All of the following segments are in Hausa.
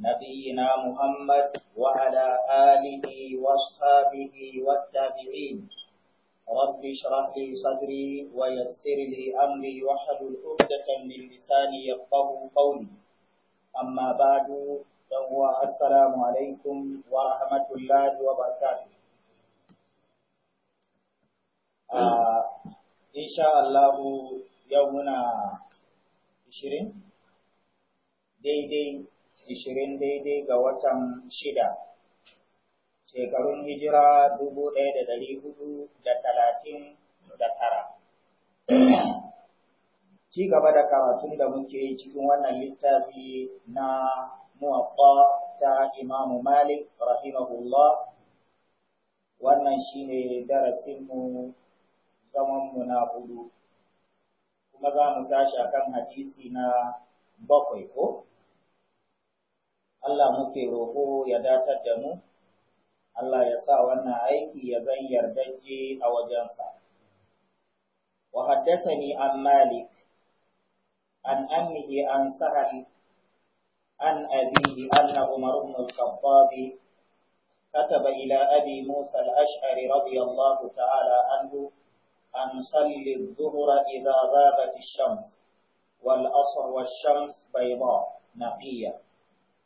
نبينا محمد وعلى آله واصحابه والتابعين رب اشرح لي صدري ويسر لي أمري وحد الأبدة من لساني يفقه قولي أما بعد فهو السلام عليكم ورحمة الله وبركاته آه إن شاء الله يومنا 20 daidai ishirin daidai ga watan shida, shekarun hijira dubu ɗaya da ɗari hudu da talatin da tara. Ci gaba da karatun da muke yi cikin wannan littafi na muwaffa ta Imamu Malik rahimahullah wannan shi shine darasinmu zamanmu na hudu. kuma za mu tashi akan hadisi na bakwai ko? Allah muke roƙo ya datar da mu, Allah ya sa wannan aiki ya zan yardaje a wajensa. Wa haddathani an Malik, an ammihi an sahal, an abihi anna Umar ibn al-Khattabi كتب إلى أبي موسى الأشعري رضي الله تعالى عنه أن صل الظهر إذا غابت الشمس والأصر والشمس بيضاء نقية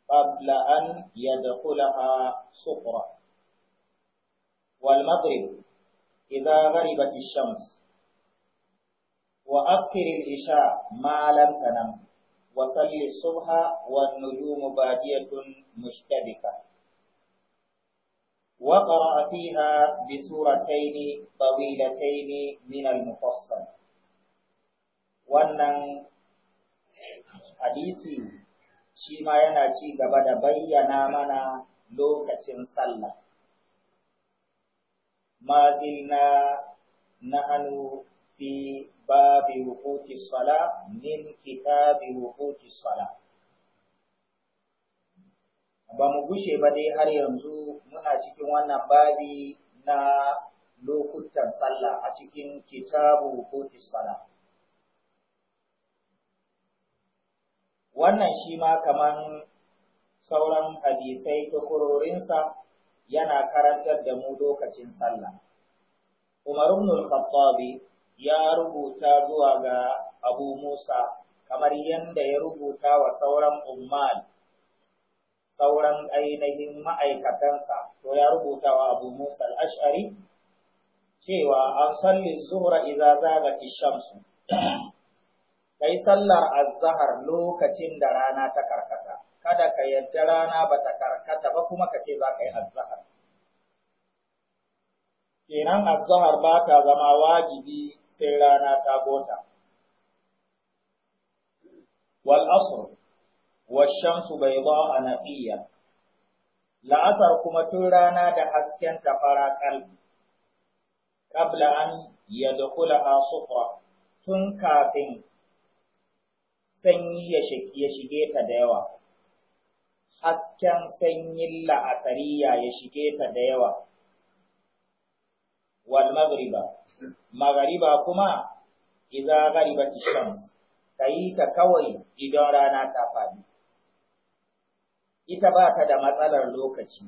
قبل أن يدخلها صفرة والمغرب إذا غربت الشمس وأبكر العشاء ما لم تنم وصل الصبح والنجوم بادية مشتبكة وقرأ فيها بسورتين طويلتين من المفصل وأن حديثي shi ma yana ci gaba da bayyana mana lokacin sallah. ما زلنا نحن في babu وقوت الصلاة min كتاب وقوت الصلاة ba mu gushe ba dai har yanzu muna cikin wannan babi na lokutan sallah a cikin kitabu hukutis sala wannan shi ma kaman sauran hadisai ta tukurorinsa yana karantar da mu lokacin sallah. Umar ibn al ya rubuta zuwa ga Abu Musa kamar yadda ya rubuta wa sauran Umar, sauran ainihin ma'aikatansa to ya rubuta wa Abu Musa al’ash’ari ashari cewa an salli zuhra idza zagat shamsu. kai sallar azahar lokacin da rana ta karkata kada ka yadda rana ba ta karkata ba kuma ka ce za ka yi azahar kenan azahar ba ta zama wajibi sai rana ta gota wal asr wa shamsu bayda la'asar kuma tun rana da hasken ta fara kalbi Kabla an yadkhulaha sufra tun kafin sanyi ya shige ta da yawa, hasken sanyin la'asariya ya shige ta da yawa, wal magriba, magariba kuma iza gariba shams ka yi ta kawai idan rana ta faɗi. Ita ba ta da matsalar lokaci,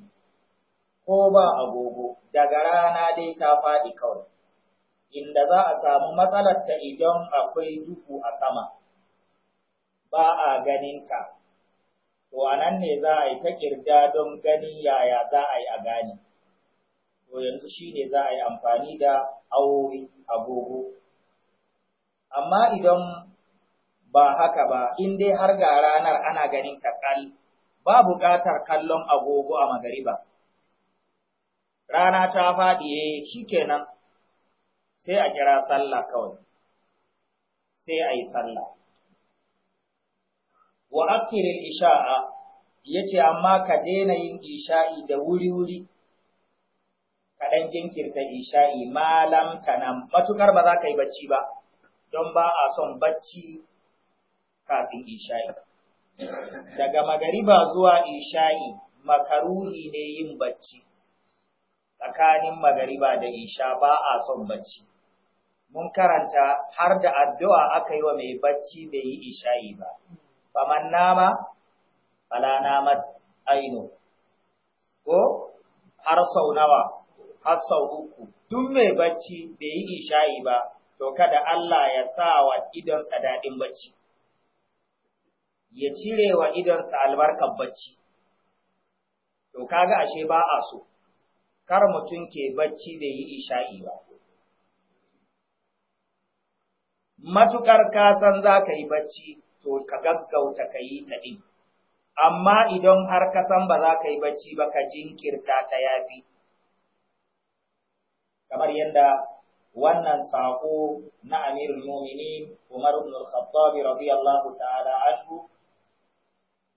ko ba agogo, daga rana dai ta faɗi kawai, inda za a samu matsalar ta idan akwai duhu a sama. ba a ganinka, to a nan ne za a yi ta ƙirga don gani yaya za a yi a gane. To yanzu shi ne za a yi amfani da awowi agogo. Amma idan ba haka ba, in dai har ga ranar ana ganin kakal, ba buƙatar kallon agogo a magariba. Rana ta faɗiye eh, shi kenan, sai a kira sallah kawai, sai ayi sallah. wa akirin isha'a ya ce amma ka daina yin isha'i da wuri-wuri kaɗan jinkirta isha'i malam kana matukar ba za ka yi bacci ba don ba a son bacci kafin isha'i daga magariba zuwa isha'i makaruhi ne yin bacci tsakanin magariba da isha ba a son bacci mun karanta har da addu'a aka yi wa mai bacci bai yi isha'i ba faman nama fala namat ainu ko har sau nawa har sau uku duk mai bacci bai yi isha'i ba to kada Allah ya sa wa idonsa daɗin bacci ya cire wa idonsa albarkar bacci to kaga ashe ba a so kar mutum ke bacci bai yi isha'i ba matukar ka san za ka yi bacci to ka gaggauta ka yi ta ɗin. Amma idan har ka san ba za ka yi bacci ba ka jinkirta ta yafi. Kamar yadda wannan saƙo na Amirul Muminin Umar ibn al-Khattab radiyallahu ta'ala anhu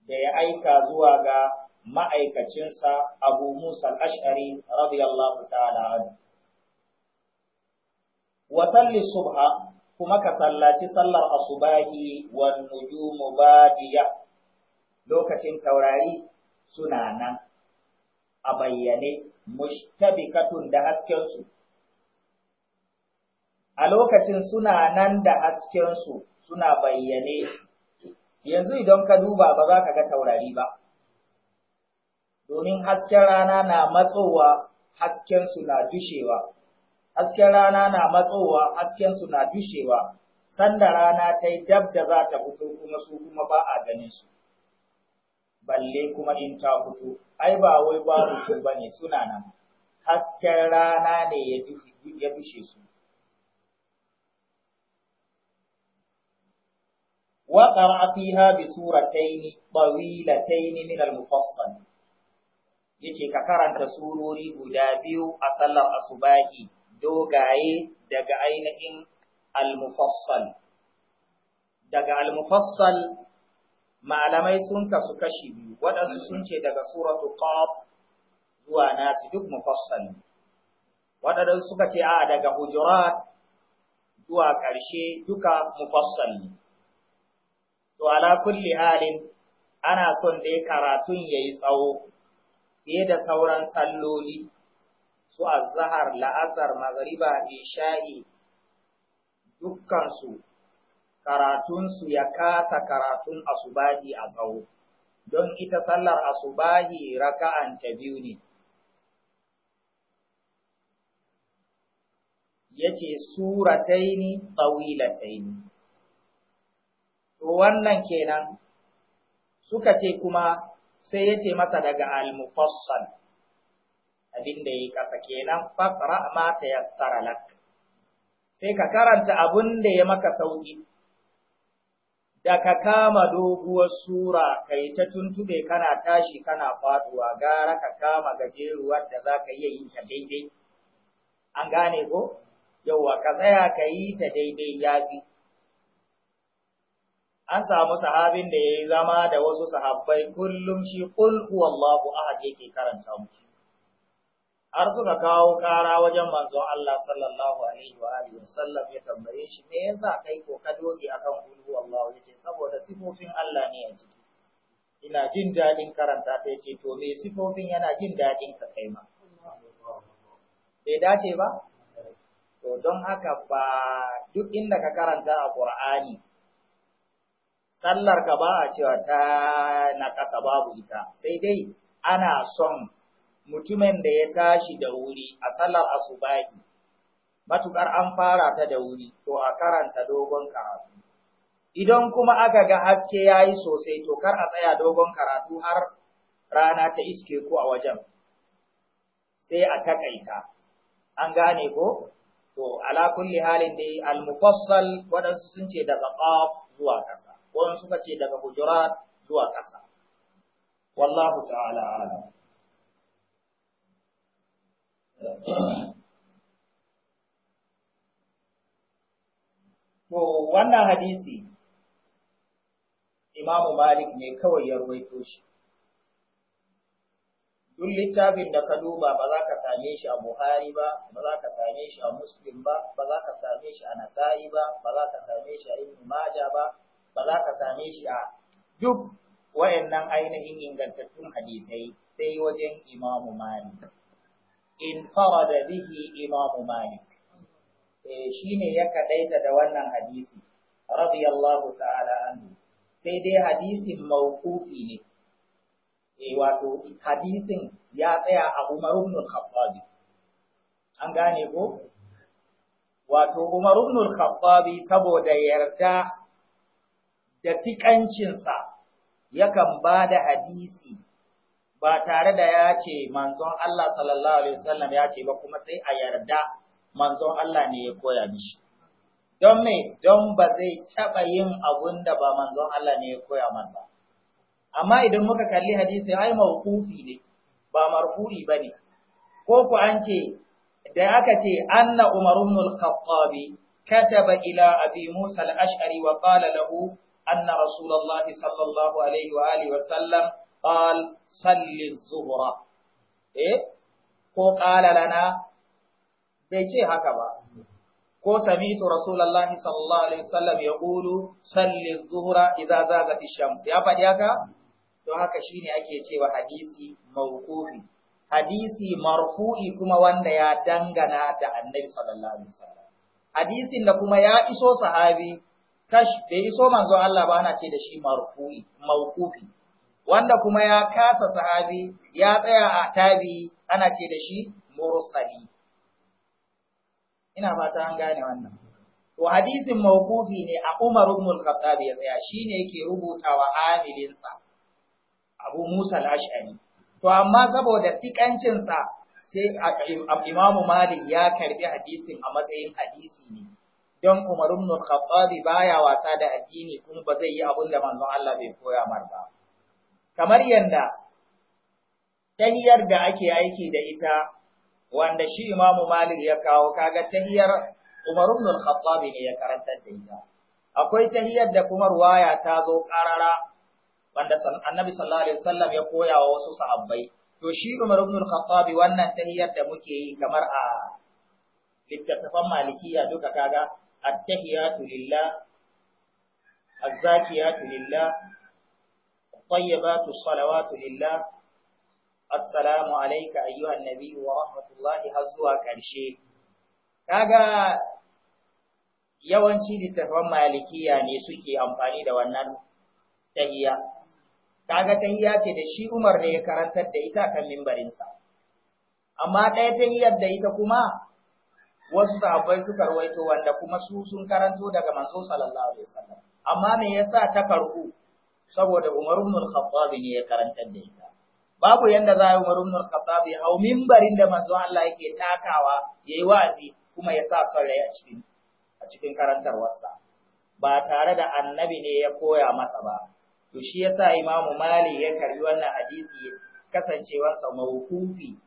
da ya aika zuwa ga ma'aikacinsa Abu Musa al-Ash'ari radiyallahu ta'ala anhu. Wa subha kuma ka sallaci sallar asubahi wan nujumu badiya lokacin taurari suna nan a bayyane mushtabikatun da haskensu a lokacin suna nan da haskensu suna bayyane yanzu idan ka duba ba za ka ga taurari ba domin hasken rana na matsowa haskensu na dushewa hasken rana na matsowa hasken su na dushewa sanda rana ta yi dab da za ta fito kuma su kuma ba a ganin su balle kuma in ta fito ai ba wai babu su ne suna nan hasken rana ne ya dushe su وقرأ فيها بسورتين طويلتين من المفصل yace ka karanta surori guda biyu a sallar asubahi dogaye daga ainihin al-mufassal daga al-mufassal malamai sun kasu kashi biyu waɗansu sun ce daga suratu qaf zuwa nasu duk mufassal waɗansu suka ce a daga hujurat zuwa ƙarshe duka mufassal to ala kulli halin ana son dai karatun yayi tsawo fiye da sauran salloli su zahar la'azar magariba isha'i dukkansu karatunsu ya kasa karatun asubahi a tsawo don ita sallar asubahi raka'an ta biyu ne Ya ce yace surataini ne. to wannan kenan suka ce kuma sai yace masa daga al abin da ya kasa kenan faqra ma yassara lak sai ka karanta abin da ya maka sauki da ka kama doguwar sura kai ta tuntube kana tashi kana faduwa gara ka kama gajeruwar da zaka iya yin ta daidai an gane ko yauwa ka tsaya ka yi ta daidai yafi an samu sahabin da yayi zama da wasu sahabbai kullum shi qul huwallahu ahad yake karanta mu har suka kawo ƙara wajen manzon Allah sallallahu alaihi wa alihi wasallam ya tambaye shi me yasa kai ko ka doge akan ulu Allah yace saboda sifofin Allah ne a ciki ina jin dadin karanta ta yace to me sifofin yana jin dadin ka kai ma bai dace ba to don haka ba duk inda ka karanta a Qur'ani sallar ka ba a cewa ta na kasa babu ita sai dai ana son mutumin da ya tashi da wuri a sallar asubahi matukar an fara ta da wuri to a karanta dogon karatu idan kuma aka ga haske yayi sosai to kar a tsaya dogon karatu har rana ta iske ko a wajen sai a takaita an gane ko to ala kulli halin dai al-mufassal wadansu sun ce daga qaf zuwa kasa wadansu suka ce daga hujurat zuwa kasa wallahu ta'ala alam To wannan hadisi Imamu Malik ne kawai ya ruwaito shi. Duk littafin da ka duba ba za ka same shi a Buhari ba, ba za ka same shi a Muslim ba, ba za ka same shi a Nasa'i ba, ba za ka same shi a Ibn Majah ba, ba za ka same shi a duk wayannan ainihin ingantattun hadisai sai wajen Imamu Malik. infarada bihi Imam Malik eh shine ya kadaita da wannan hadisi radiyallahu ta'ala anhu sai dai hadisin mawqufi ne eh wato hadisin ya tsaya a Umar ibn al-Khattab an gane ko wato Umar ibn al-Khattab saboda yarda da tikancinsa yakan ba da hadisi ba tare da ya ce manzon Allah sallallahu alaihi wasallam ya ce ba kuma sai a yarda manzon Allah ne ya koya mishi don me don ba zai taɓa yin abun da ba manzon Allah ne ya koya man ba amma idan muka kalli hadisi ai mawqufi ne ba marfu'i bane ko ku an ce da aka ce anna umarunul ibn kataba ila abi musa al wa qala lahu anna rasulullahi sallallahu alaihi wa alihi wa sallam قال صل الظهر eh ko qala lana bai ce haka ba ko sami'tu rasulullahi sallallahu alaihi wasallam yaqulu salli adh-dhuhra idza zagat ash-shams ya faɗi haka to haka shine ake cewa hadisi mawqufi hadisi marfu'i kuma wanda ya dangana da annabi sallallahu alaihi wasallam hadisin da kuma ya iso sahabi kash bai iso manzo Allah bana ce da shi marfu'i wanda kuma ya kasa sahabi ya tsaya a tabi ana ce da shi mursali ina fata an gane wannan to hadisin mawqufi ne a Umar ibn al-Khattab ya tsaya shine yake rubutawa amilinsa Abu Musa al-Ash'ari to amma saboda tikancin sa sai Imam Malik ya karbi hadisin a matsayin hadisi ne don Umar ibn al-Khattab baya wasa da addini kuma ba zai yi abin da manzon Allah bai koya mar ba kamar yanda tahiyar da ake aiki da ita wanda shi Imam Malik ya kawo kaga tahiyar Umar ibn al-Khattab ne ya karantar da ita akwai tahiyar da kuma ruwaya ta zo karara wanda Annabi sallallahu alaihi wasallam ya koya wa wasu sahabbai to shi Umar ibn al-Khattab wannan tahiyar da muke yi kamar a littattafan malikiya duka kaga at-tahiyatu lillah az-zakiyatu lillah طيبات الصلوات لله السلام عليك أيها النبي ورحمة الله هزوها كرشي kaga يوان littafan malikiya ne suke amfani da wannan tahiya تهيا tahiya ce da shi Umar ne ya karantar da ita kan mimbarinsa amma ɗaya tahiyar da wasu sahabbai suka rawaito wanda kuma su sun karanto daga manzo sallallahu alaihi wasallam amma me yasa ta karbu saboda Umar ibn al-Khattab ne ya karanta da ita babu yanda za a Umar ibn al-Khattab ya hau mimbarin da manzo Allah yake takawa yayi wa'azi kuma ya sa son a cikin a cikin karantarwarsa ba tare da annabi ne ya koya masa ba to shi yasa Imam Malik ya karbi wannan hadisi kasancewarsa mawqufi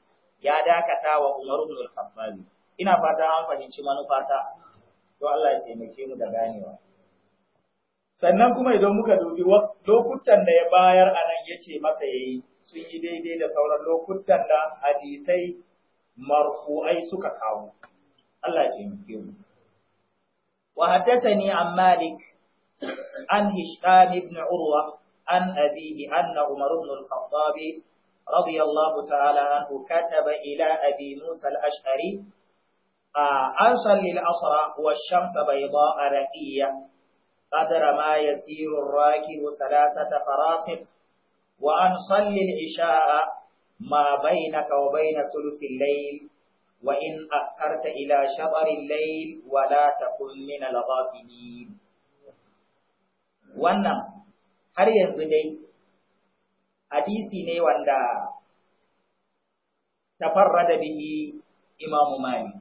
ya dakata wa Umar ibn al-Khattab ina fata an fahimci manufata to Allah ya taimake mu da ganewa sannan kuma idan muka dubi lokutan da ya bayar a nan ya ce masa ya yi sun yi daidai da sauran lokutan da hadisai marfu'ai suka kawo Allah ya taimake an malik an hisham ibn urwa an abihi anna umar ibn al-khattab radiyallahu ta'ala anhu kataba ila abi musa al-ash'ari an salli al-asra wa ash-shamsa bayda'a raqiya قدر ما يسير الراكب ثلاثة فراصف وأن صل العشاء ما بينك وبين ثلث الليل وإن أخرت إلى شطر الليل ولا تكن من الغافلين wannan har yanzu dai hadisi ne wanda tafarrada bihi imamu malik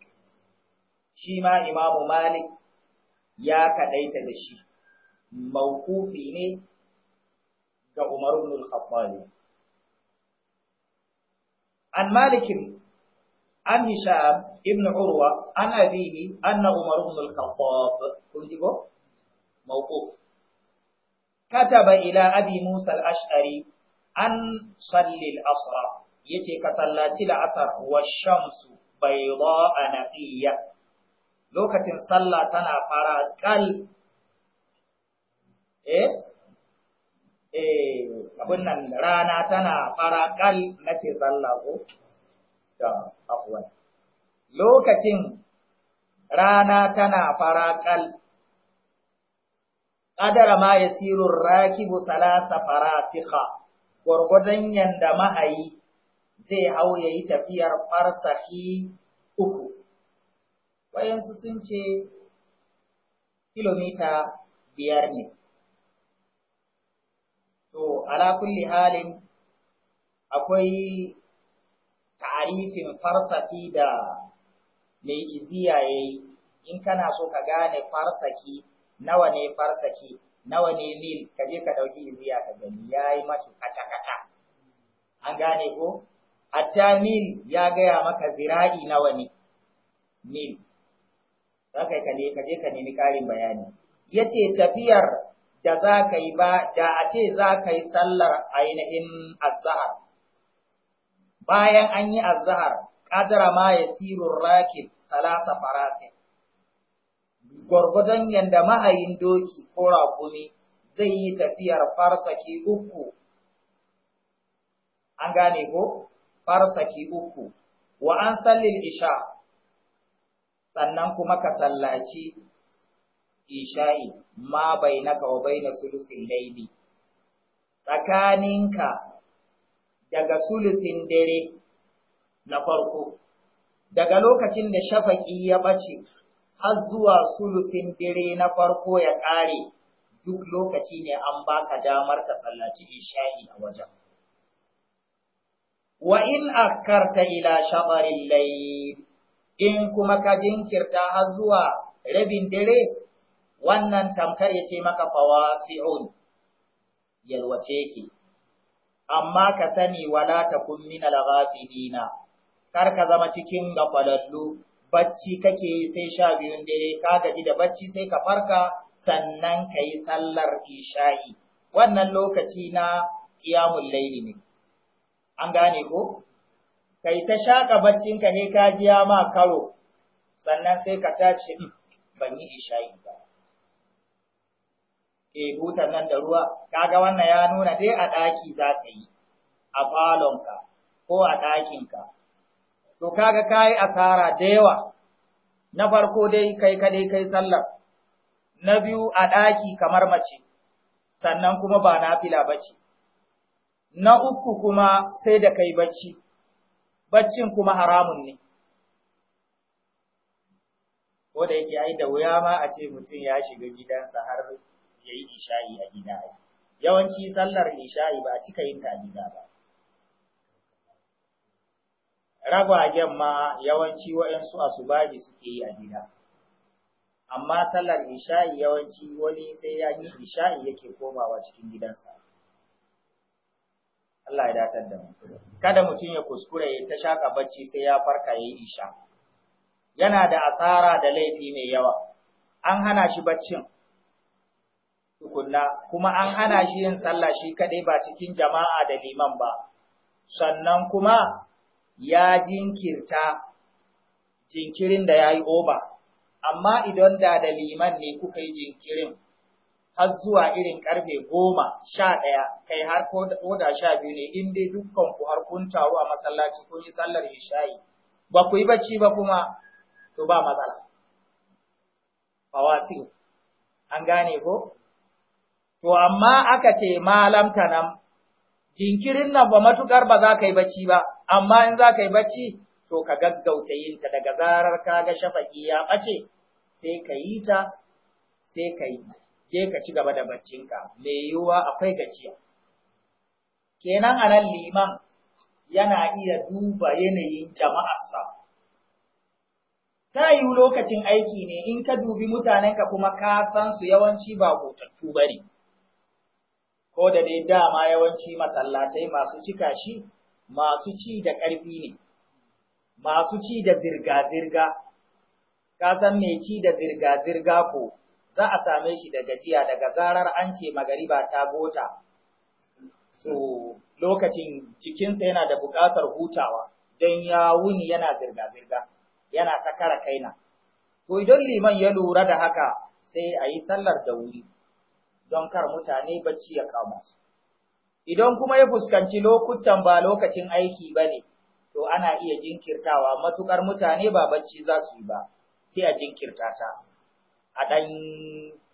shi ma imamu malik ya kadaita da shi mawkufi ne ga Umar ibn An malikin an ibn Urwa an abihi an na Umar ibn al-Khattab. Kun ji ko? Mawkuf. Abi Musa al-Ash'ari an salli al-Asra. Yace ka sallaci la'asar wa shamsu bai ba a naƙiya. Lokacin sallah tana fara kal eh eh abin nan rana tana kal nace sallah ko da akwai lokacin rana tana kal qadara ma yasiru rakibu salasa faratiqa gurgudan yanda mahayi zai hau yayi tafiyar farsahi uku wayansu sun ce kilomita biyar ne To, ala kulli halin akwai ta'arifin farsafi da mai iziya yayi in kana so ka gane farsaki nawa ne farsaki nawa ne mil ka je ka dauki iziya ka gani yayi mata kaca kaca an gane ko hatta mil ya gaya maka zira'i nawa ne mil za ka je ka nemi karin bayani yace tafiyar da za ka yi ba da a ce za ka yi sallar ainihin azahar. Bayan an yi azahar, ƙadara ma ya sirur rakin salata farasin. Gwargwadon yadda mahayin doki ko raƙumi zai yi tafiyar farsaki uku. An gane ko? Farsaki uku. Wa an sallil isha, sannan kuma ka sallaci isha'i. ma bainaka wa na sulusin laili tsakaninka daga sulusin dare na farko daga lokacin da shafaki ya bace har zuwa sulusin dare na farko ya ƙare duk lokaci ne an baka damar ka sallaci isha'i a wajen wa in akarta ila shabarin layl in kuma ka jinkirta har zuwa rabin dare wannan tamkar ya ce maka fawasi'un yalwace ki amma ka sani wala takun min al kar ka zama cikin gafalallu bacci kake sai sha biyun dare ka gaji da bacci sai ka farka sannan ka yi sallar isha'i wannan lokaci na qiyamul layli ne an gane ko kai ta shaka baccinka ne ka jiya ma karo sannan sai ka tashi hmm, ban yi isha'i ba e eh, butan nan da ruwa kaga wannan ya nuna dai a ɗaki za ka yi a falonka ko a ɗakinka to kaga kayi asara da yawa na farko dai kai kaɗai kai sallar na biyu a ɗaki kamar mace sannan kuma ba nafila bace na uku kuma sai da kai bacci baccin kuma haramun ne ko da yake ai da wuya ma a ce mutum ya shiga gidansa har yayi isha'i a gida yawanci sallar isha'i ba cika yin ta a gida ba ragwagen ma yawanci waɗansu asubahi suke yi a gida amma sallar isha'i yawanci wani sai ya yi isha'i yake komawa cikin gidansa Allah ya datar da mu kada mutum ya kuskure ya ta shaka bacci sai ya farka yayi isha yana da asara da laifi mai yawa an hana shi baccin tukunna kuma an hana shi yin sallah shi kaɗai ba cikin jama'a da liman ba sannan kuma ya jinkirta jinkirin da ya yi oba amma idan da da liman ne kuka yi jinkirin har zuwa irin karfe goma sha ɗaya kai har ko da sha biyu ne in dai dukkan ku har kun taru a masallaci kun yi sallar isha'i ba ku yi bacci ba kuma to ba matsala fawasi an gane ko To, amma aka ce malam ta nan, jinkirin nan ba matukar ba za ka yi bacci ba, amma in za ka yi bacci, to ka gaggauta yin ta daga zarar ka ga shafaki ya ɓace, sai ka yi ta, sai ka yi, je ka ci gaba da baccinka, mai yiwuwa akwai gajiya. Kenan a nan liman yana iya duba yanayin jama'arsa. Ta yiwu lokacin aiki ne in ka dubi mutanenka kuma ka san su yawanci ba hotattu ba ko da dai dama yawanci masallatai masu cika shi masu ci da ƙarfi ne, masu ci da zirga-zirga, ka san mai ci da zirga-zirga ko za a same shi da gajiya daga zarar an ce magariba ta gota. So, lokacin jikinsa yana da buƙatar hutawa don ya wuni yana zirga-zirga, yana ta kara kaina. To, idan liman ya lura da haka sai a yi sallar da wuri. don kar mutane bacci ya kama su. Idan kuma ya fuskanci lokutan ba lokacin aiki ba ne, to ana iya jinkirtawa matukar mutane ba bacci za su yi ba, sai a jinkirta ta. A ɗan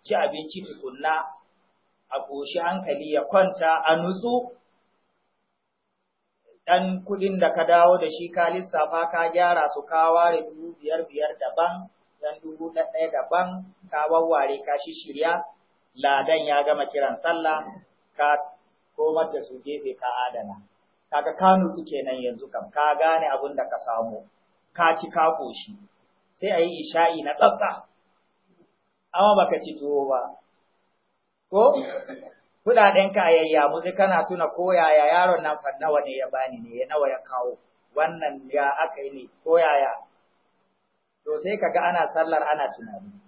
ci abinci tukunna, a ƙoshi hankali ya kwanta a nutsu, ɗan kuɗin da ka dawo da shi ka lissafa ka gyara su ka ware dubu biyar biyar daban, ɗan dubu ɗaya daban, ka wawware ka shirya ladan ya gama kiran sallah ka komar da su gefe ka adana kaga kanu suke nan yanzu kam ka gane abin da ka samu ka ci ka koshi sai ayi isha'i na tsatsa amma baka ci tuwo ba ko kudaden ka yayya muzi kana tuna ko yaya yaron nan fa nawa ne ya bani ne ya nawa ya kawo wannan ya aka yi ne ko yaya to sai kaga ana sallar ana tunani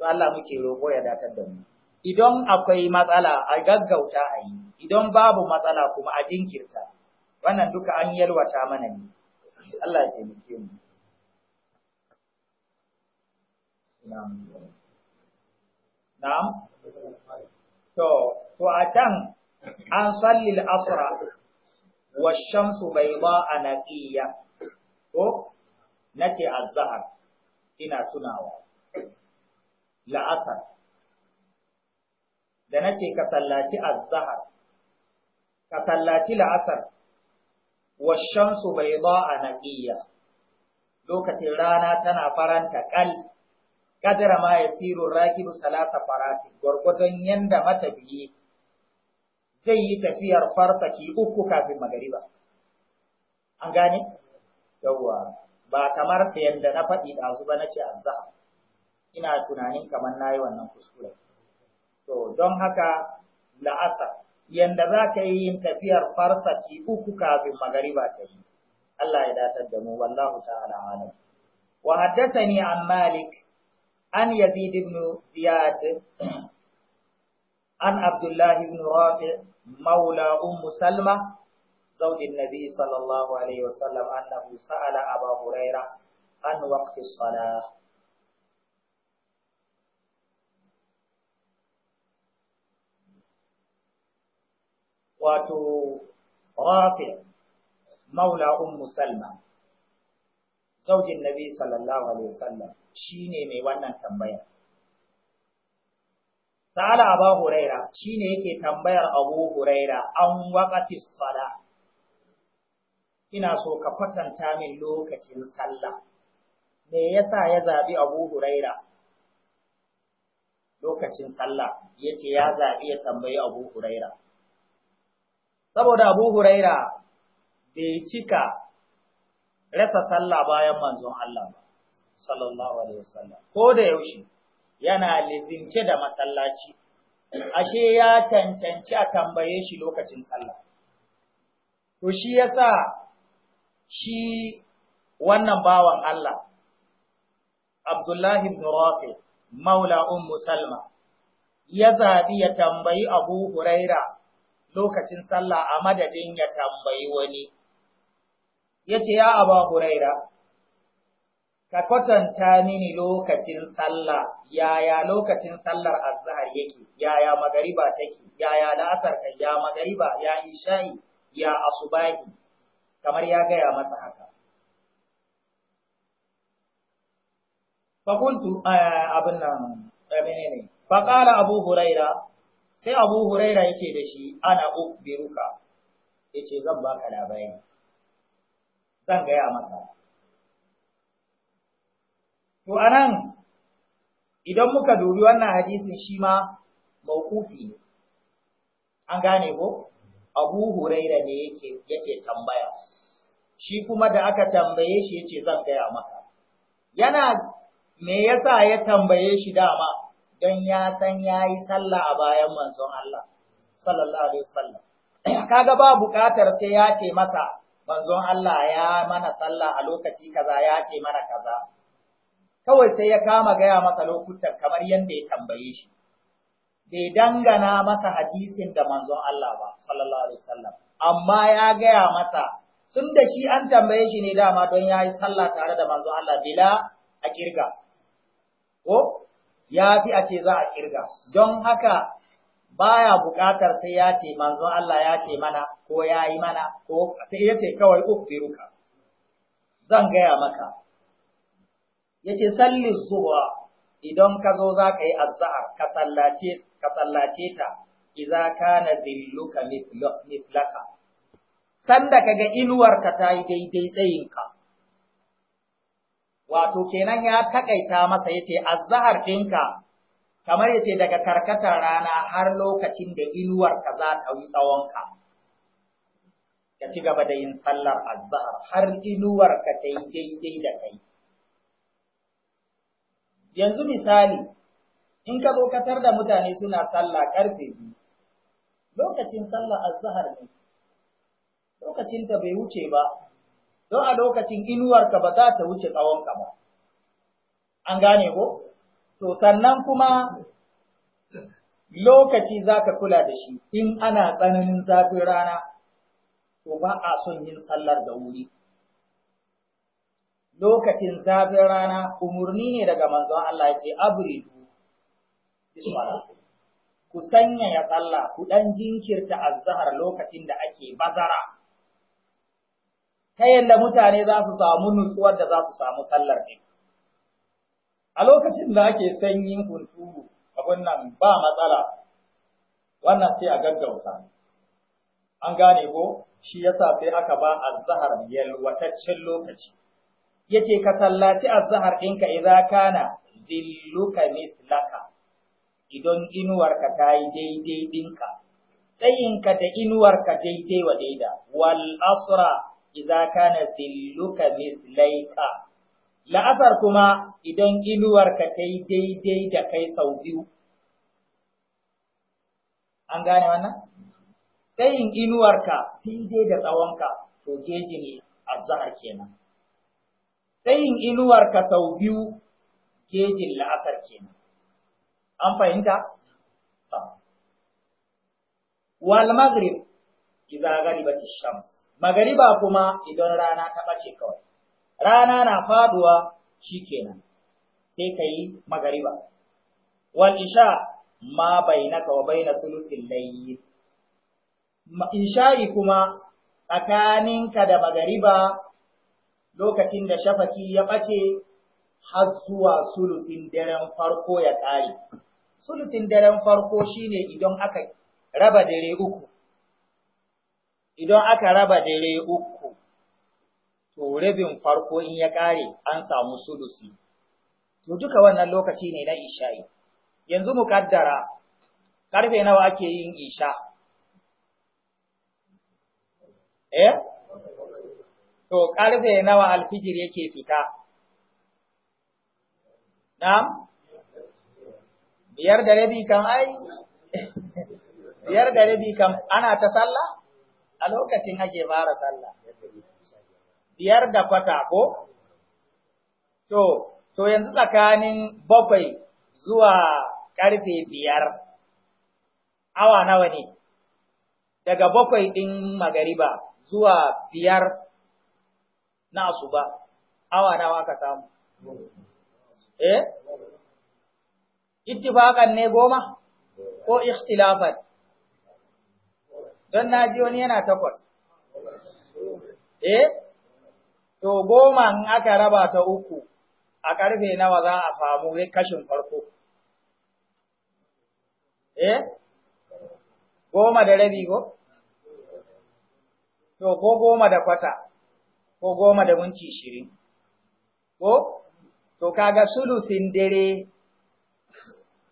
to Allah muke roƙo ya datar da mu idan akwai matsala a gaggauta a yi idan babu matsala kuma a jinkirta wannan duka an yalwata mana ne Allah ya taimake mu na'am to to a can an sallil asra wa shamsu bayda anaqiya ko nace az ina tunawa la'asar da na ce ka sallaci azahar ka tallaci la'asar su bai zo a naƙiya lokacin rana tana faranta ƙal kadara ma ya siro rakibu salata farati gwargwadon yanda biye. zai yi tafiyar farfaki uku kafin magariba an gane yawwa ba kamar da yanda na faɗi ɗazu ba na ce azahar ina tunanin kamar na yi wannan kuskure. To, don haka la'asar, yanda za ka yi yin tafiyar farsaki uku kafin magariba ta yi. Allah ya datar da mu, wallahu ta'ala alam. Wa haddathani an Malik, an Yazid ibn Ziyad, an Abdullah ibn Rafi' مولى أم سلمة زوج النبي صلى الله عليه وسلم أنه سأل أبا هريرة عن وقت الصلاة wato rafi maula ummu salma zaujin nabi sallallahu alaihi wasallam shine mai wannan tambaya sala Abu Huraira shine yake tambayar Abu Huraira an waqati sala ina so ka kwatanta min lokacin sallah me yasa ya zabi Abu Huraira lokacin sallah yace ya zabi ya tambayi Abu Huraira saboda Abu Huraira bai cika rasa sallah bayan manzon Allah ba sallallahu alaihi wasallam ko da yaushe yana lizince da masallaci ashe ya cancanci a tambaye shi lokacin sallah to shi yasa shi wannan bawan Allah Abdullahi ibn Rafi musalma, ya zabi ya tambayi Abu Huraira lokacin sallah a madadin ya tambayi wani. Ya ce, Ya aba Huraira, ka kwatanta mini lokacin sallah, yaya lokacin sallar azhar yake, yaya magariba take, yaya la'asar kai, ya magariba, ya isha'i, ya asubahi, kamar ya gaya masa haka. Fakultu eh, abin nan, eh, ne, faƙala Abu Huraira, sai abu huraira yake da shi ana ukbiruka yace zan baka labari zan gaya maka to anan idan muka dubi wannan hadisin shi ma mauqufi ne an gane ko abu huraira ne yake yake tambaya shi kuma da aka tambaye shi yace zan gaya maka yana me yasa ya tambaye shi dama dan ya san yayi sallah a bayan manzon Allah sallallahu alaihi wasallam kaga ba bukatar sai ya ce masa manzon Allah ya mana sallah a lokaci kaza ya ce mana kaza kawai sai ya kama gaya masa lokutan kamar yadda ya tambaye shi bai dangana masa hadisin da manzon Allah ba sallallahu alaihi wasallam amma ya gaya masa tun da shi an tambaye shi ne dama don ya yi sallah tare da manzon Allah bila a kirga ko ya fi a za a kirga don haka baya buƙatar sai ya ce manzo Allah ya ce mana ko ya yi mana ko sai ya ce kawai ka. zan gaya maka yace sallin zuwa idan ka zo za ka yi azhar ka sallace ka sallace ta idza kana dilluka mithlaka sanda kaga inuwarka ta yi daidai tsayinka wato kenan ya takaita masa yace azhar dinka kamar yace daga karkatar rana har lokacin da inuwar ka za ta yi tsawon ka ka ci gaba da yin sallar azhar har inuwar ka ta yi daidai da kai yanzu misali in ka zo katar da mutane suna sallah karfe biyu lokacin sallar azhar ne lokacin ta bai wuce ba don a lokacin inuwarka ba za ta wuce tsawonka ba. An gane ko? To sannan kuma lokaci za ka kula da shi in ana tsananin zafin rana, to ba a son yin sallar da wuri. Lokacin zafin rana umarni ne daga manzon Allah ke ce, Abridu, ku sanya ya tsalla, ku ɗan jinkirta azahar lokacin da ake bazara. ta yadda mutane za su samu nutsuwar da za su samu sallar ne. A lokacin da ake sanyin hunturu abin nan ba matsala, wannan sai a gaggauta. An gane ko shi yasa sai aka ba zahar yalwataccen lokaci. Yace ka sallaci zahar ɗinka idza kana zilluka mislaka idan inuwarka ta yi daidai ɗinka. Tsayinka da inuwarka daidai wa daida, wal asra idza kana zilluka mislaika la'asar kuma idan inuwarka ta yi daidai da kai sau biyu an gane wannan tsayin inuwarka daidai da tsawonka to geji gejin azhar kenan tsayin ka sau biyu gejin la'asar kenan an fahimta wal maghrib idza gharibat ash-shams magariba kuma idan rana ta bace kawai rana na faduwa kenan sai ka yi magariba wal isha ma bainaka wa baina sulusil layl isha'i kuma tsakaninka da magariba lokacin da shafaki ya ɓace har zuwa sulusin daren farko ya ƙare. Sulusin daren farko shine idan aka raba dare uku, idan aka raba dare uku, to rabin farko in ya ƙare an samu sulusi. To duka wannan lokaci ne na isha'i. Yanzu mu kaddara, ƙarfe nawa ake yin isha? Eh? To ƙarfe nawa alfijir yake fita? Na? Biyar da rabi kan ai? Biyar da rabi kan ana ta sallah? a lokacin ake fara sallah biyar da kwata ko to to yanzu tsakanin bakwai zuwa karfe biyar awa nawa ne daga bakwai ɗin magariba zuwa biyar na asuba awa nawa ka samu eh ittifaqan ne goma ko ikhtilafan don na ji wani yana takwas. Eh, to goma in aka raba ta uku a ƙarfe nawa za a famu kashin farko. Eh, goma da rabi ko? To, ko goma da kwata, ko goma da minti shirin. Ko? To, kaga sulusin dare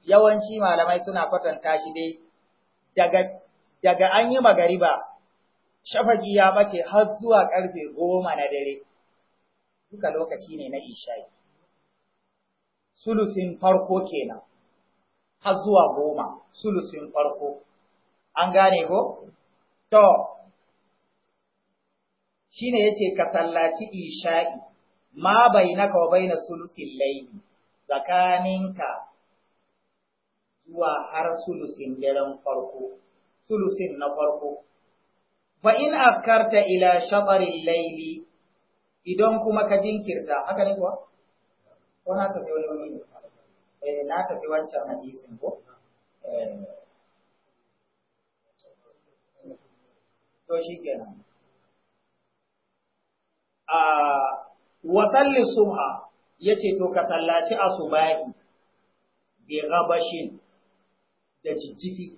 yawanci malamai suna kwatanta shi dai daga daga an yi magariba shafaki ya bace har zuwa ƙarfe goma na dare duka lokaci ne na isha'i sulusin farko kenan har zuwa goma sulusin farko an gane ko to shine yace ka sallaci isha'i ma bainaka wa baina sulusin layli tsakaninka zuwa har sulusin daren farko sulusin na farko. Ba in afkarta ila shaɓarin laili idan kuma ka jinkirta, haka ne kuwa? Ko na tafi wani wani ne? Eh, na tafi wancan hadisin ko? Eh, to shi kenan. A ah, wasalli subha ya ce to ka sallaci asubahi bi gabashin da jijjigi.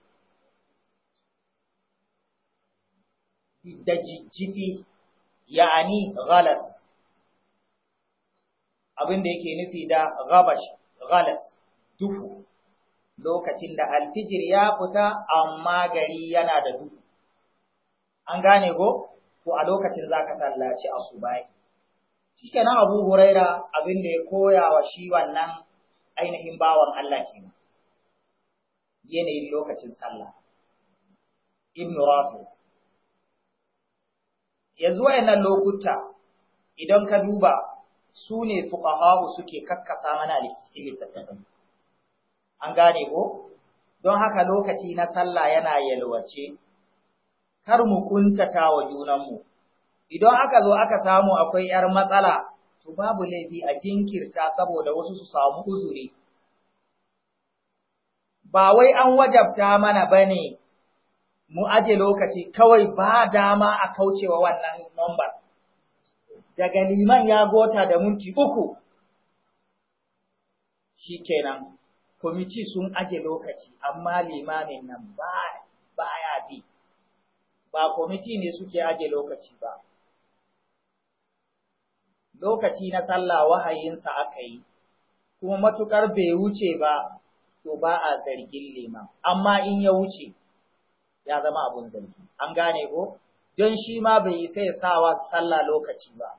da ya ani ghalas abin da yake nufi da ghabash ghalas duhu lokacin da alfijir ya fita amma gari yana da duhu an gane ko ko a lokacin zaka sallaci asubai shikenan Abu Huraira abin da ya koya wa shi wannan ainihin bawan Allah kenan yanayin lokacin sallah Ibn Rafi' yanzu wayannan lokuta idan ka duba su ne fuqahahu suke kakkasa mana littattafai an gane ko don haka lokaci na sallah yana yalwace kar mu kuntata wa junanmu idan aka zo aka samu akwai yar matsala to babu laifi a jinkirta saboda wasu su samu uzuri ba wai an wajabta mana bane mu aje lokaci kawai ba dama a kaucewa wannan nombar. Daga liman ya gota da minti uku, shi kenan, kwamiti sun aje lokaci, amma limamin nan ba ya bi, ba kwamiti ne suke aje lokaci ba. Lokaci na sallah wahayinsa aka yi, kuma matukar bai wuce ba, to ba a zargin liman, amma in ya wuce. ya zama abun zargi an gane ko don shi ma bai yi ya sawa sallah lokaci ba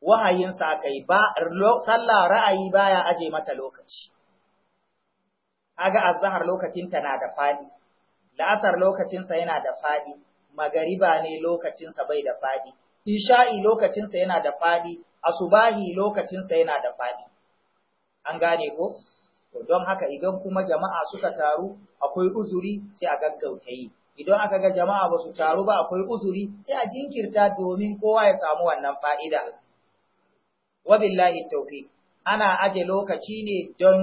wahayinsa aka yi ba sallah ra'ayi baya aje mata lokaci kaga azhar lokacinta na da fadi la'asar lokacinsa yana da fadi magariba ne lokacinsa bai da fadi isha'i lokacinsa yana da fadi asubahi lokacinsa yana da fadi an gane ko To don haka idan kuma jama'a suka taru akwai uzuri sai a gaggauta yi idan aka ga jama'a ba su taru ba akwai uzuri sai a jinkirta domin kowa ya samu wannan fa'ida wabillahi tawfiq ana aje lokaci ne don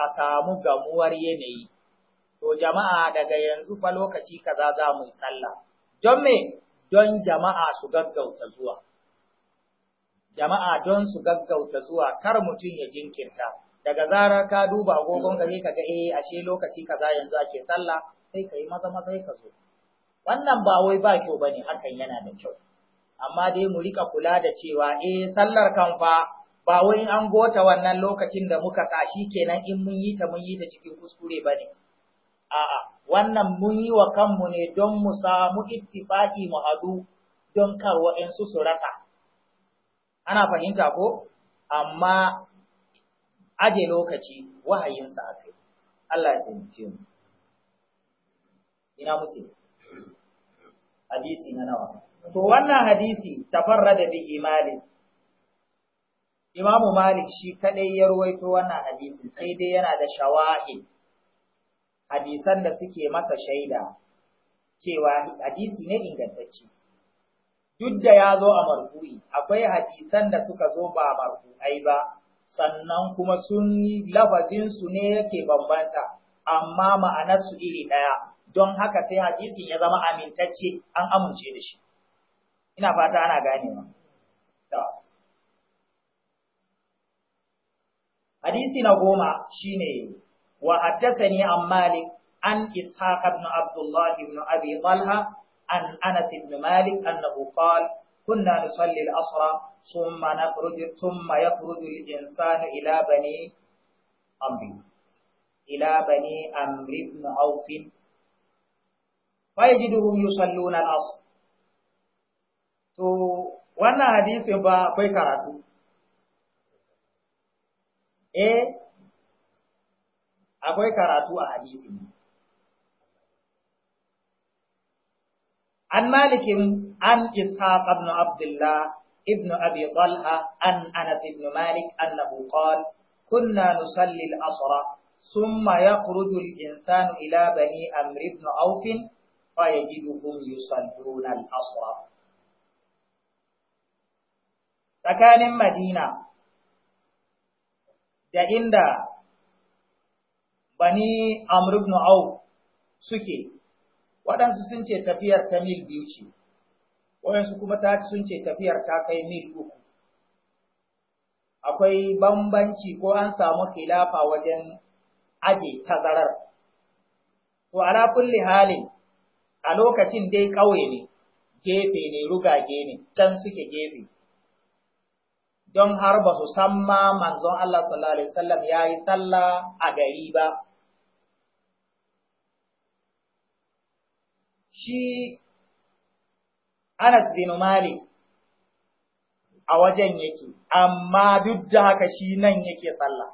a samu gamuwar yanayi to jama'a daga yanzu fa lokaci kaza za mu sallah don me don jama'a su gaggauta zuwa jama'a don su gaggauta zuwa kar mutum ya jinkirta daga zarar ka duba agogon ka ga eh ashe lokaci kaza yanzu ake sallah sai kai maza maza ka zo wannan ba wai ba kyau bane hakan yana da kyau amma dai mu rika kula da cewa eh sallar kan fa ba wai an gota wannan lokacin da muka kashi kenan in mun yi ta mun yi ta cikin kuskure bane a'a wannan mun yi wa kanmu ne don mu samu ittifaqi mu hadu don kar wa'ansu su rasa ana fahimta ko amma aje lokaci wahayinsa a kai. Allah ya taimake mu. Ina muke? Hadisi na nawa. To wannan hadisi tafarrada bihi Malik. Imamu Malik shi kadai ya ruwaito wannan hadisi sai dai yana da shawahi. Hadisan da suke masa shaida cewa hadisi ne ingantacce. Duk da ya zo a marfu'i, akwai hadisan da suka zo ba marfu'ai ba, sannan kuma sun yi lafazinsu ne yake bambanta, amma ma'anarsu iri ɗaya, don haka sai hadisin ya zama amintacce an amince da shi. Ina fata ana gane ma. Hadisi na goma shi ne, wa haddasa an Malik an Ishaq ibn Abdullah ibn Abi Talha an Anas ibn Malik annahu qala kunna nusalli al-asra ثم نخرج ثم يخرج الإنسان إلى بني أمري إلى بني أمري بن عوف فيجدهم يصلون العصر to wannan hadisin ba akwai karatu eh akwai karatu a hadisin an malikin an isa ibn abdullah ابن أبي طلحة عن أنس بن مالك أنه قال كنا نصلي العصر ثم يخرج الإنسان إلى بني أمر بن عوف فيجدهم يصلون العصر فكان مدينة da بني أمر بن ibn سكي suke waɗansu sun ce tafiyar wayansu kuma ta sun ce tafiyar ta kai mil uku akwai bambanci ko an samu khilafa wajen aje tazarar to ala kulli halin a lokacin dai ƙauye ne gefe ne rugage ne can suke gefe don har ba su san ma manzon Allah sallallahu alaihi wasallam yayi sallah a gari ba shi Anas bin Malik a wajen yake, amma duk da haka shi nan yake sallah.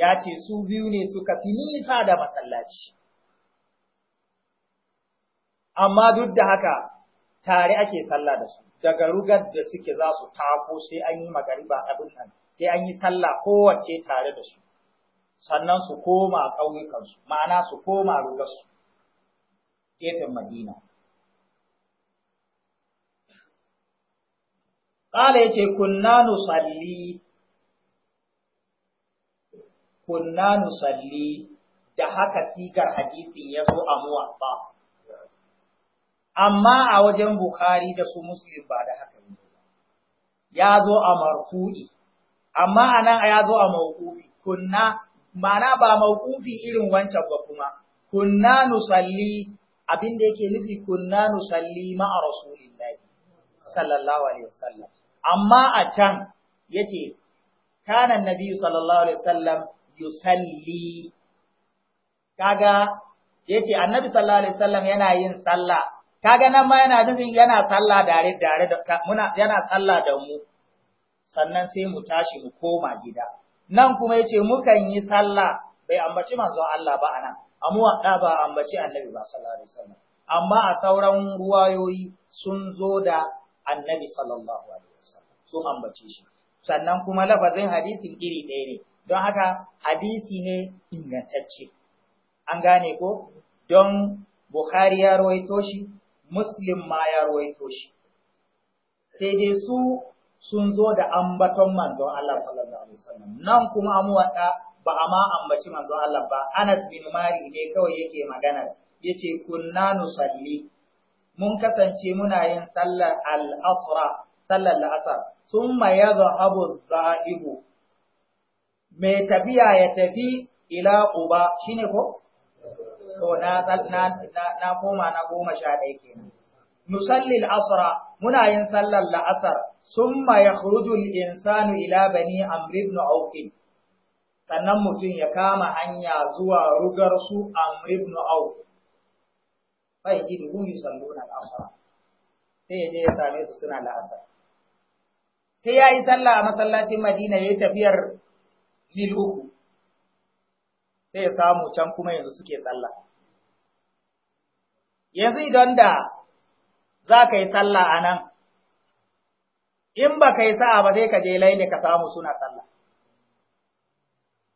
Ya ce su biyu ne suka fi nisa da masallaci. Amma duk da haka tare ake sallah da su, daga rugar da suke za su tako sai an yi magariba abin nan, sai an yi sallah kowace tare da su, sannan su koma ƙauyukansu, ma'ana su koma rugarsu, gefen Madina. Ƙala ya ce, Kunna nusalli, kunna nusalli da haka sigar hadisin ya zo a muwaɓa. Amma a wajen Bukhari da su Muslim ba da haka ne. Ya zo a marfu'i, amma a nan ya zo a mawukufi, kunna, mana ba mawukufi irin wancan ba kuma, kunna nusalli abin da yake nufi kunna nusalli ma'a Rasulillahi sallallahu alaihi wasallam. amma a can yace kanan nabi sallallahu alaihi wasallam yusalli kaga yace annabi sallallahu alaihi wasallam yana yin sallah kaga nan ma yana nufin yana sallah dare dare da muna yana sallah da mu sannan sai mu tashi mu koma gida nan kuma yace mukan yi sallah bai ambaci manzon Allah ba anan amma da ba ambaci annabi ba sallallahu alaihi wasallam amma a sauran ruwayoyi sun zo da annabi sallallahu alaihi su ambace shi sannan kuma lafazin hadisin iri ɗaya ne don haka hadisi ne ingantacce an gane ko don Bukhari ya rawaito shi Muslim ma ya rawaito shi sai dai su sun zo da ambaton manzon Allah sallallahu alaihi wasallam nan kuma amuwada ba a ma ambaci manzo Allah ba Anas bin Mari ne kawai yake magana yace kunna nusalli mun kasance muna yin sallar al-asra sallar al-asr summa yadhabu zahibu mai tafiya ya tafi ila quba shine ko to na koma na goma sha ɗaya kenan nusalli al-asra muna yin sallar la'asar summa yakhruju al-insanu ila bani amr ibn aukin. sannan mutum ya kama hanya zuwa rugar su amr ibn auf fa yajidu hum yusalluna al la'asar. sai ya je ya same su suna la'asar sai ya yi sallah a masallacin Madina ya yi tafiyar mil uku, sai ya samu can kuma yanzu suke sallah. Yanzu idan da za ka yi sallah a nan, in ba ka yi sa'a ba sai ka je laile ka samu suna sallah,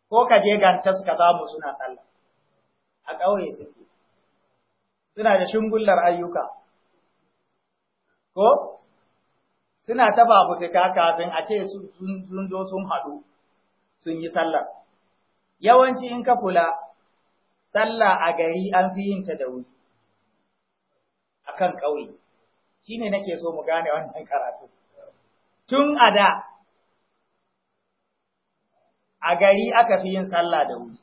ko ka je gantas ka samu suna sallah, a ƙauye suke, suna da shingullar ayyuka, ko? suna ta fafutuka kafin a ce sun zo sun haɗu sun yi sallah yawanci in ka kula sallah a gari an fi yin ta da wuri kan ƙauye Shi ne nake so mu gane wannan karatu tun a da a gari aka fi yin sallah da wuri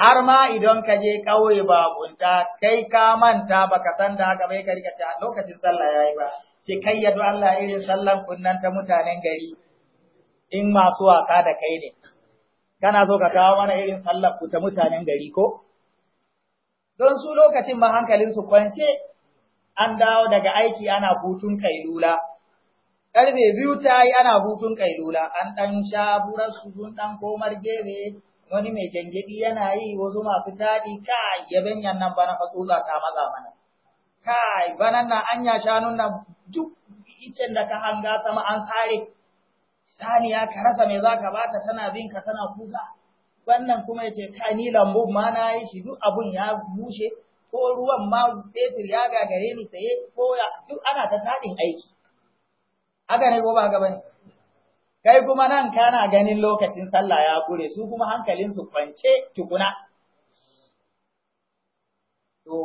har ma idan ka je ƙauye ba kunta kai ka manta baka san da haka bai ka a lokacin sallah ya yi ba ki kayyado Allah irin sallan kunnan ta mutanen gari in masu waka da kai ne kana so ka kawo mana irin sallan ku ta mutanen gari ko don su lokacin ma hankalin su kwance an dawo daga aiki ana hutun kailula karfe biyu ta yi ana hutun kailula an dan sha burar su sun dan komar gefe wani mai gyangyaɗi yana yi wasu masu daɗi ka yaben yan nan bana fasula ta maza mana kai banan na anya shanun na duk icen da ka hanga sama an sare saniya ka rasa me zaka bata tana bin ka tana kuka wannan kuma yace kai ni lambu ma na yi shi duk abun ya bushe ko ruwan ma fetur ya gagare ni sai ko ya duk ana ta tadin aiki haka ne ko ba ga bane kai kuma nan kana ganin lokacin sallah ya kure su kuma hankalin su kwance tukuna to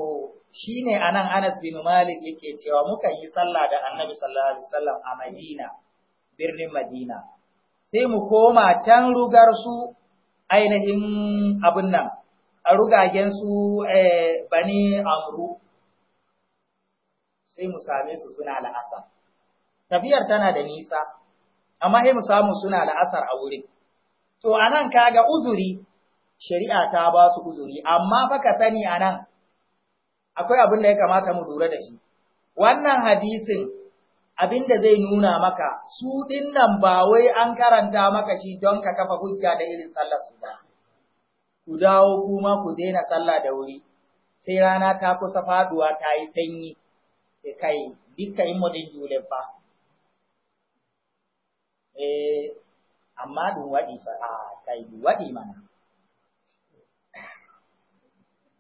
Shi ne a nan Anas bin Malik yake cewa muka yi sallah da annabi sallallahu Alaihi wasallam a Madina, birnin Madina, sai mu koma can rugar su ainihin abin nan, a rugagen su eh, bani amru, sai mu same su suna la'asar. Tafiyar tana da nisa, amma sai mu samu suna la'asar a wurin. To, anan nan kaga uzuri, shari'a ta ba su uzuri, amma fa ka sani anan. akwai abin da ya kamata mu lura da shi. Wannan hadisin abin da zai nuna maka su ɗin ba wai an karanta maka shi don ka kafa hujja da irin sallar su ba. Ku dawo kuma ku daina sallah da wuri, sai rana ta kusa faduwa ta yi sanyi, sai kai dukkan yin mudin jule ba. Eh, amma dun waɗi fa, a kai waɗi mana.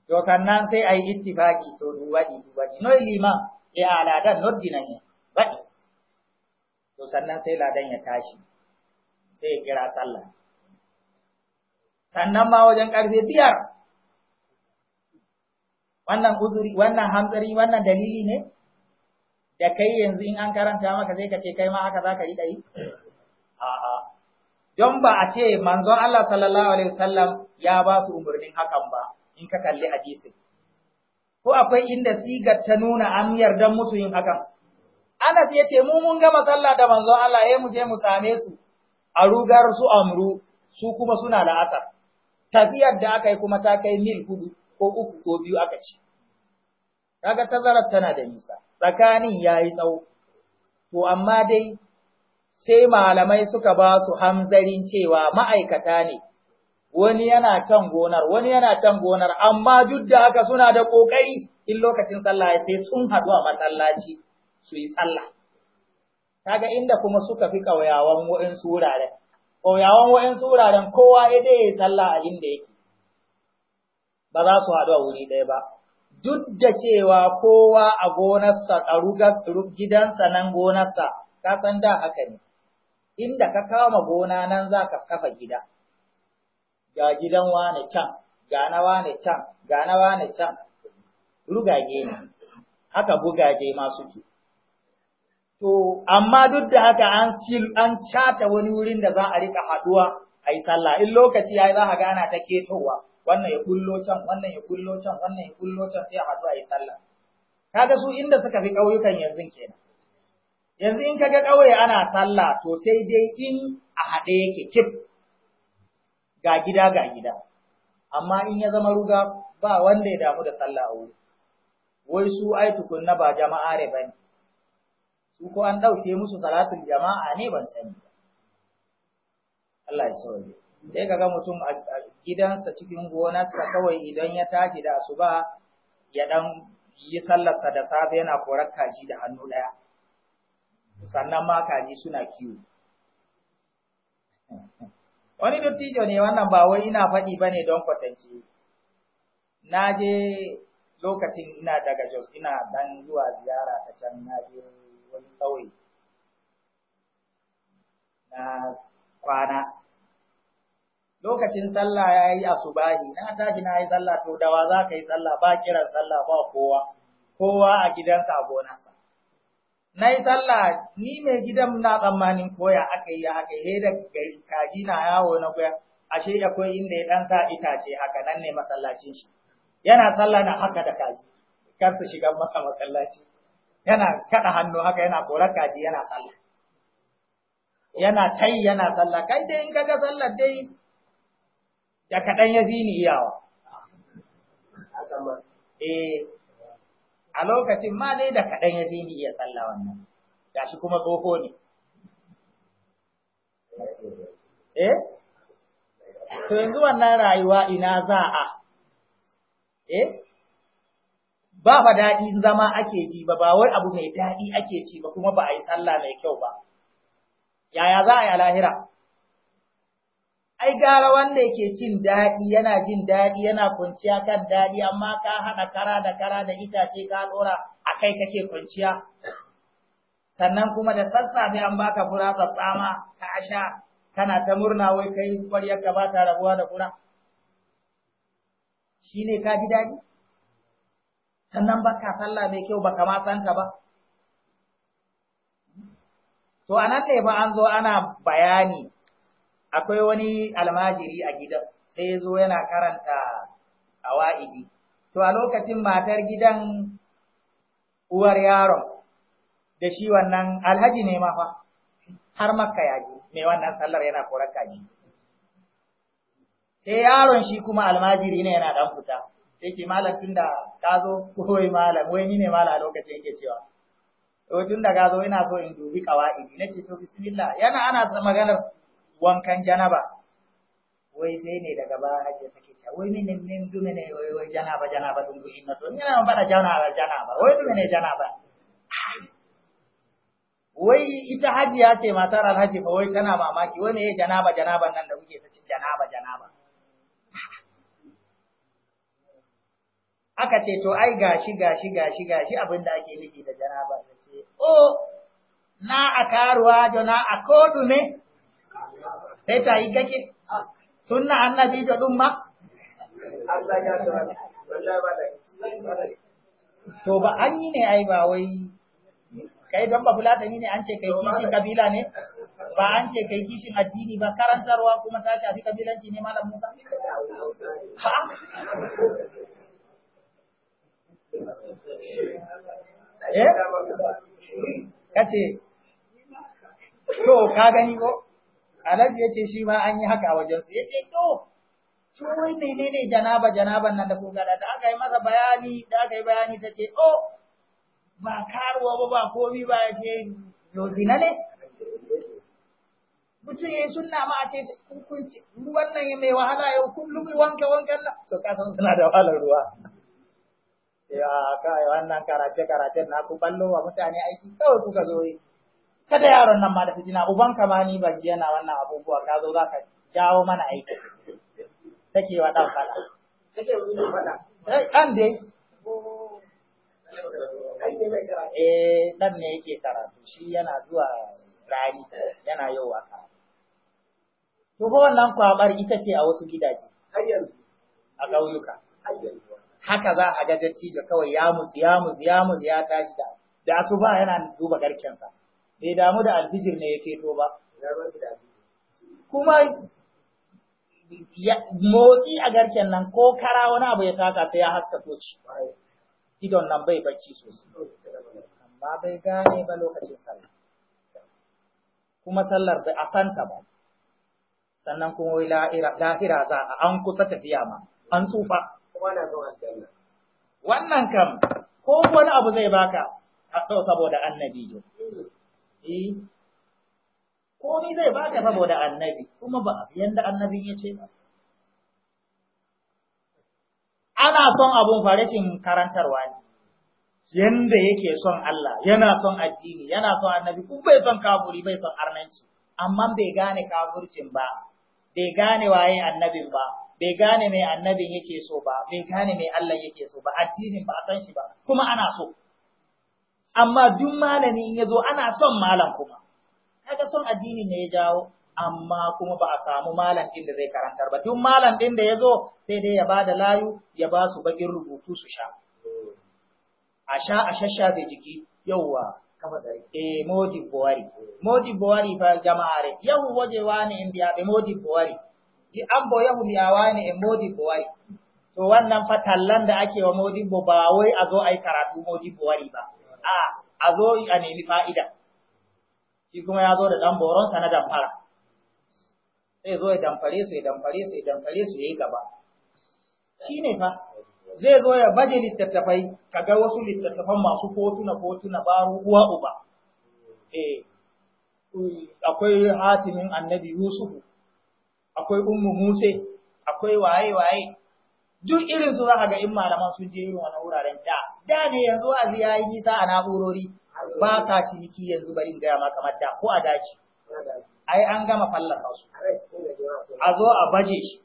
to sannan sai ayi itti ittifaki to duwaɗi duwaɗi no liman ya aladan noddi na ne baɗi to sannan sai ladan ya tashi sai ya kira sallah sannan ma wajen ƙarfe biyar wannan uzuri wannan hamzari wannan dalili ne da kai yanzu in an karanta maka sai ka ce kai ma haka za ka yi ɗari a'a don ba a ce manzon Allah sallallahu alaihi wasallam ya ba su umarnin hakan ba in ka kalli hadisi. ko akwai inda sigar ta nuna an yarda musu yin hakan Anas ya ce mu mun gama sallah da manzon Allah eh mu je mu same su a rugar su amru su kuma suna la'asar tafiyar da aka yi kuma ta kai mil hudu ko uku ko biyu aka ci kaga tazarar tana da nisa tsakanin yayi tsawo Ko amma dai sai malamai suka ba su hamzarin cewa ma'aikata ne wani yana can gonar wani yana can gonar amma duk da haka suna da ƙoƙari in lokacin sallah sai sun haɗu a masallaci su yi sallah kaga inda kuma suka fi ƙauyawan wa'in wuraren ƙauyawan wa'in wuraren kowa ya dai sallah a inda yake ba za su haɗu a wuri ɗaya ba duk da cewa kowa a gonarsa a gidansa nan gonarsa ka san da haka ne inda ka kama gona nan za ka kafa gida ga gidan wane can, ga na wane can, ga na wane can, rugage ne, haka bugaje ma suke. To, amma duk da haka an sil an cata wani wurin da za a rika haduwa a yi sallah, in lokaci ya yi za a ga ana ta ketowa, wannan ya kullo can, wannan ya kullo can, wannan ya kullo can sai a haɗu a yi sallah. Kaga su inda suka fi ƙauyukan yanzu kenan. Yanzu in kaga ƙauye ana sallah to sai dai in a haɗe yake kif ga gida ga gida amma in ya zama ruga ba wanda ya damu da sallah a wuri wai su ai tukunna ba jama'a ne bane su ko an ɗauke musu salatul jama'a ne ban sani Allah ya sauke sai ga mutum a gidansa cikin gonarsa kawai idan ya tashi da asuba ya dan yi sallarsa da safe yana korar kaji da hannu daya sannan ma kaji suna kiwo wani dattijo ne wannan ba wai ina faɗi ba ne don kwatance na je lokacin ina daga jos ina dan zuwa ziyara ta can na je wani ƙauye na kwana lokacin sallah ya yi asubahi na tashi na yi sallah to dawa za ka yi sallah ba kiran sallah ba kowa kowa a gidansa a gonarsa na yi sallah ni mai gidan na tsammanin koya aka yi aka yi da kaji na yawo na koya ashe akwai inda ya ɗan sa itace haka nan ne masallacin shi yana sallah na haka da kaji kar su shiga masa masallaci yana kada hannu haka yana korar kaji yana sallah yana tai yana sallah kai dai in kaga sallar dai da kaɗan ya fi ni iyawa eh a lokacin ma dai da kaɗan ya ni iya tsalla wannan shi kuma tsoho ne eh to yanzu wannan rayuwa ina za a eh ba fa daɗi zama ake ji ba ba wai abu mai daɗi ake ci ba kuma ba a yi tsalla mai kyau ba yaya za a yi alahira? ai gara wanda yake cin daɗi yana jin daɗi yana kwanciya kan daɗi amma ka haɗa kara da kara da itace ka dora a kai kake kwanciya sannan kuma da sassafe an baka fura tsatsama ka asha, kana ta murna wai kai ƙwaryar ka bata rabuwa da fura shi ne ka ji daɗi sannan baka sallah mai kyau baka ma san ka ba to anan ne ba an zo ana bayani akwai wani almajiri a gidan sai ya zo yana karanta wa’idi. to a lokacin matar gidan uwar yaron da shi wannan alhaji ne ma fa har maka ya ji mai wannan sallar yana korar kaji sai yaron shi kuma almajiri ne yana dan fita sai ke malam tun da ka zo kowai malam wai ni ne malam a lokacin yake cewa to tun da ka zo ina so in dubi kawa'idi ce to bismillah yana ana maganar wankan janaba wai sai ne daga ba hajji take cewa wai mene ne dume ne wai wai janaba janaba dun dun inna to na ba da janaba janaba wai dume ne janaba wai ita ya ce matar alhaji fa wai tana mamaki wai me janaba janaba nan da kuke ta cin janaba janaba aka ce to ai gashi gashi gashi gashi abin da ake nufi da janaba ta ce o oh, na akaruwa jo na a ne sai ta yi gake sunna annabi da umma to ba an yi ne ai ba wai kai don ba fulata ne an ce kai kishin kabila ne ba an ce kai kishin addini ba karantarwa kuma ta shafi kabilanci ne malam Musa ha eh kace to ka gani ko Alhaji ya ce shi ma an yi haka a wajensu, ya ce to, to wai menene janaba janaban nan da kuka da aka yi masa bayani da aka yi bayani ta ce o oh, ba karuwa ba ba komi ba ya ce na ne mutum ya yi sunna ma a ce hukunci ruwan nan ya mai wahala yau kullum wanke wankan nan to ka san suna da wahalar ruwa ya kai wannan karace karacen na ku ballo wa mutane aiki kawai kuka zo yi kada yaron nan ma da fitina uban ka ma ni ji yana wannan abubuwa ka zo zaka jawo mana aiki take wa dan fada take wa eh, ni fada eh kan dai eh dan ne yake karatu shi yana zuwa rani yana yau a to ko wannan kwabar ita ce a wasu gidaje a ƙauyuka haka za a ga dattijo kawai ya musu ya ya ya tashi da da asuba yana duba garkensa bai damu da alfijir ne ya keto ba kuma motsi a garken nan ko kara wani abu ya taka ta ya haska toci idon nan bai bacci sosai oh, amma bai gane ba lokacin sallah kuma sallar bai a ba sannan kuma wai lahira za a an kusa tafiya ma an tsufa kuma na zuwa wannan kam ko wani abu zai baka a saboda annabi eh komai zai baka saboda annabi kuma ba yanda annabin ya ce ba ana son abun farashin karantarwa ne yanda yake son Allah yana son addini yana son annabi kuma bai son kafuri bai son arnanci amma bai gane kafurcin ba bai gane waye annabin ba bai gane mai annabin yake so ba bai gane mai Allah yake so ba addinin ba a san shi ba kuma ana so amma duk malami in yazo ana son malam kuma kaga son addini ne ya jawo amma kuma ba a samu malam din da zai karantar ba duk malam din da ya zo sai dai ya ba da layu ya ba su bakin rubutu su sha a sha a shasha bai jiki yauwa kafa dare eh modi buwari modi buwari fa jama'a re yahu waje wani indiya be modi buwari yi an bo yahu ya wani e modi buwari to wannan fa tallan da ake wa modi ba wai a zo ai karatu modi buwari ba a'a a zo a nemi fa'ida shi kuma ya zo da ɗan boronsa na damfara sai zo ya damfare su ya damfare su ya damfare su ya yi gaba shi ne fa zai zo ya baje littattafai ka ga wasu littattafan masu kotuna kotuna baro uwa uba eh akwai hatimin annabi yusufu akwai ummu muse akwai waye waye duk irin su za ka ga in malaman sun je irin wani wuraren da da ne yanzu a ya yi nisa a na'urori ba sa ciniki yanzu bari gaya ma kamar ko a daji ai an gama fallasa su a zo a baje shi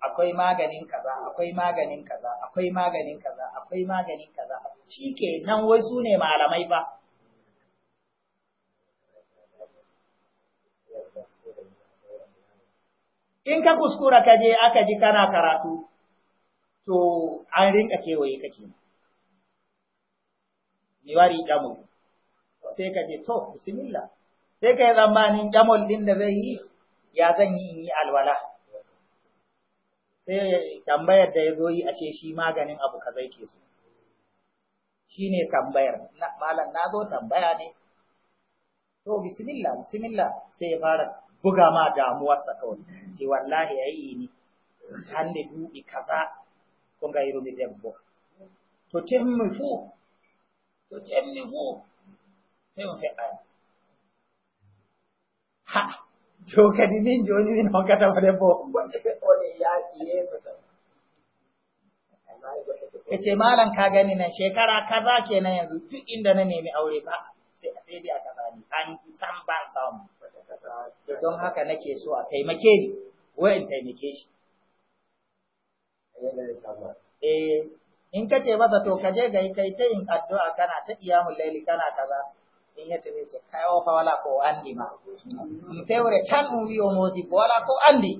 akwai maganin kaza akwai maganin kaza akwai maganin kaza akwai maganin kaza shike nan wai su ne malamai ba in ka kuskura ka je aka ji kana karatu to an rinka kewaye kake wari jamul sai ka ce to bismillah sai ka yi zamanin jamul din da zai yi ya zan yi in yi alwala sai tambayar da ya zo yi ashe shi maganin abu kaza yake so shine tambayar malam na zo tambaya ne to bismillah bismillah sai ya fara buga ma damuwarsa kawai ce wallahi yayi ni hande dubi kaza kun ga irin da to tin mu hmm, fu tujallibu sai mu kai aya ha to kadi min joni min hokata bare bo wanda ke tsone ya kiye su ta ce malam ka gani nan shekara kaza kenan yanzu duk inda na nemi aure ba sai a sai dai aka bani an san ba samu don haka nake so a taimake ni wai in taimake shi eh in ka ce masa to ka je ga kai ta yin addu'a kana ta iyamun laili kana kaza in ya tabe ce kai wa oh, fa wala ko andi ma in wure tan mu biyo modi ko wala ko andi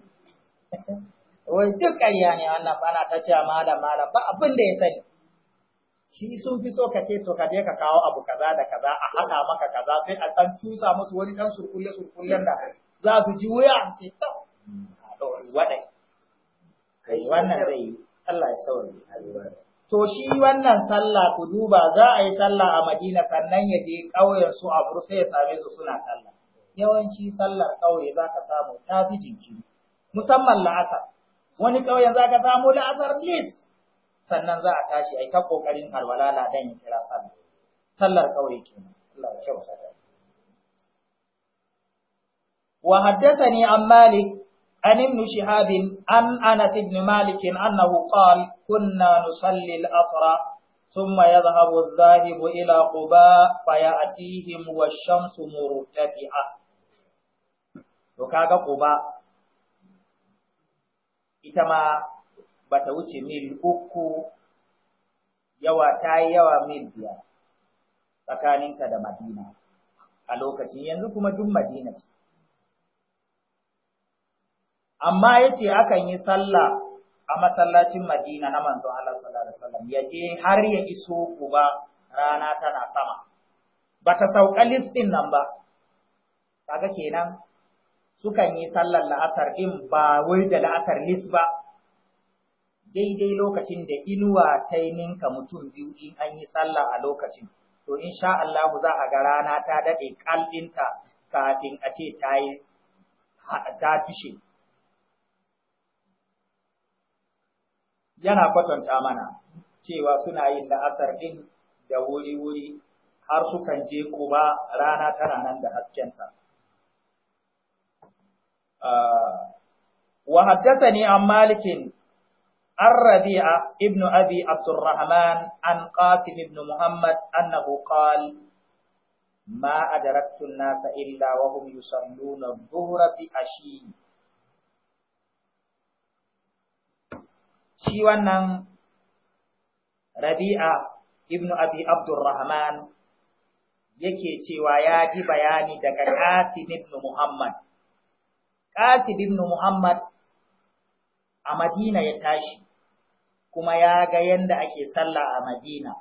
wai duk ƙarya ne wannan bana ta ce malam malam ba abin da ya sani shi sun fi so ka ce to ka je ka kawo abu kaza da kaza a haka maka kaza sai a ɗan cusa musu wani ɗan surkulle surkullen da za su ji wuya ce to a ɗauri waɗai kai wannan zai yi Allah ya saurari a To shi wannan sallah ku duba za a yi sallah a Madina sannan ya je ƙauyen su a sai ya same su suna sallah. Yawanci sallar ƙauye za ka samu ta fi jinkiri, musamman la'asar. Wani ƙauyen za ka samu la'asar lis sannan za a tashi a yi ta ƙoƙarin alwala ladan ya kira sallah. Sallar ƙauye kenan. Allah ya kyauta da وحدثني عن مالك an ابن شهاب عن انس بن مالك انه كنا نصلي الأسرى ثم يذهب الذاهب إلى قباء فيأتيهم والشمس مرتفعة وكاغا قباء إتما بتوتي ميل yawa يوا تاي يوا ميل بيا tsakaninka da Madina a lokacin yanzu kuma duk Madina ce. Amma yace akan yi sallah a masallacin Madina na manzo Allah sallallahu alaihi wasallam ya je har ya iso Quba rana tana sama bata sauka listin nan ba kaga kenan sukan yi sallar la'asar in ba wai da la'asar list ba daidai lokacin da inuwa ta yi ninka mutum biyu in an yi sallah a lokacin to insha Allah za a ga rana ta daɗe kalɗinta kafin a ce ta yi ta fishe yana kwatanta mana cewa suna yin la'asar ɗin da wuri-wuri har sukan je kuma rana tana nan da haskenta. Ah, wa haddasa ne an malikin an rabi'a ibn abi Abdurrahman an qasim ibn Muhammad annahu qal ma adraktu an-nasa illa wa hum yusalluna adh-dhuhra bi ashi shi wannan Rabi'a ibn Abi Abdurrahman yake cewa ya ji bayani daga Qasim ibn Muhammad. Qasim ibn Muhammad a Madina ya tashi kuma ya ga yanda ake sallah a Madina.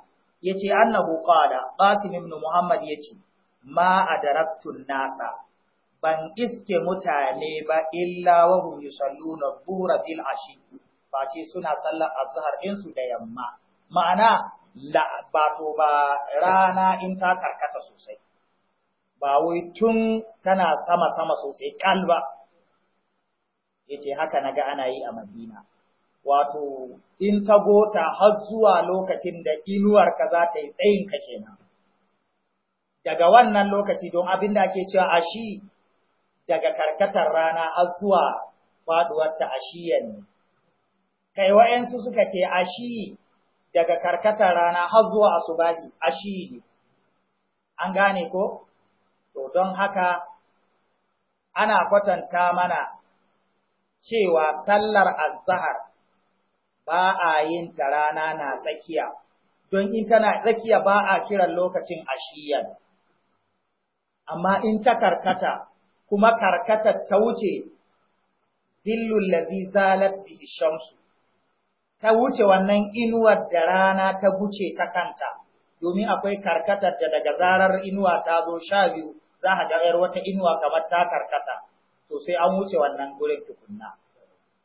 Yace annahu qala Qasim ibn Muhammad yace ma a daraktun nasa ban iske mutane ba illa wa hum yusalluna dhuhra bil ashi face suna sallar azhar din su da yamma ma'ana la ba to ba rana in ta karkata sosai ba wai tun tana sama sama sosai kalba yace haka naga ana yi a Madina wato in ta gota har zuwa lokacin da ka za ta yi tsayin ka kenan. Daga wannan lokaci don abin da ake cewa ashi daga karkatar rana har zuwa faduwar ta ashiyan kai wa'yansu suka ce ashi daga karkatar rana har zuwa asubahi ashi ne an gane ko to don haka ana kwatanta mana cewa sallar azhar ba a yin ta rana na tsakiya don in tana tsakiya ba a kiran lokacin ashiyar amma in ta karkata kuma karkatar ta wuce zillul ladhi zalat bi shamsu ta wuce wannan inuwar da rana ta wuce ta kanta, domin akwai karkatar da daga zarar inuwa ta zo sha biyu za a ga wata inuwa kamar ta karkata, to sai an wuce wannan gurin tukunna.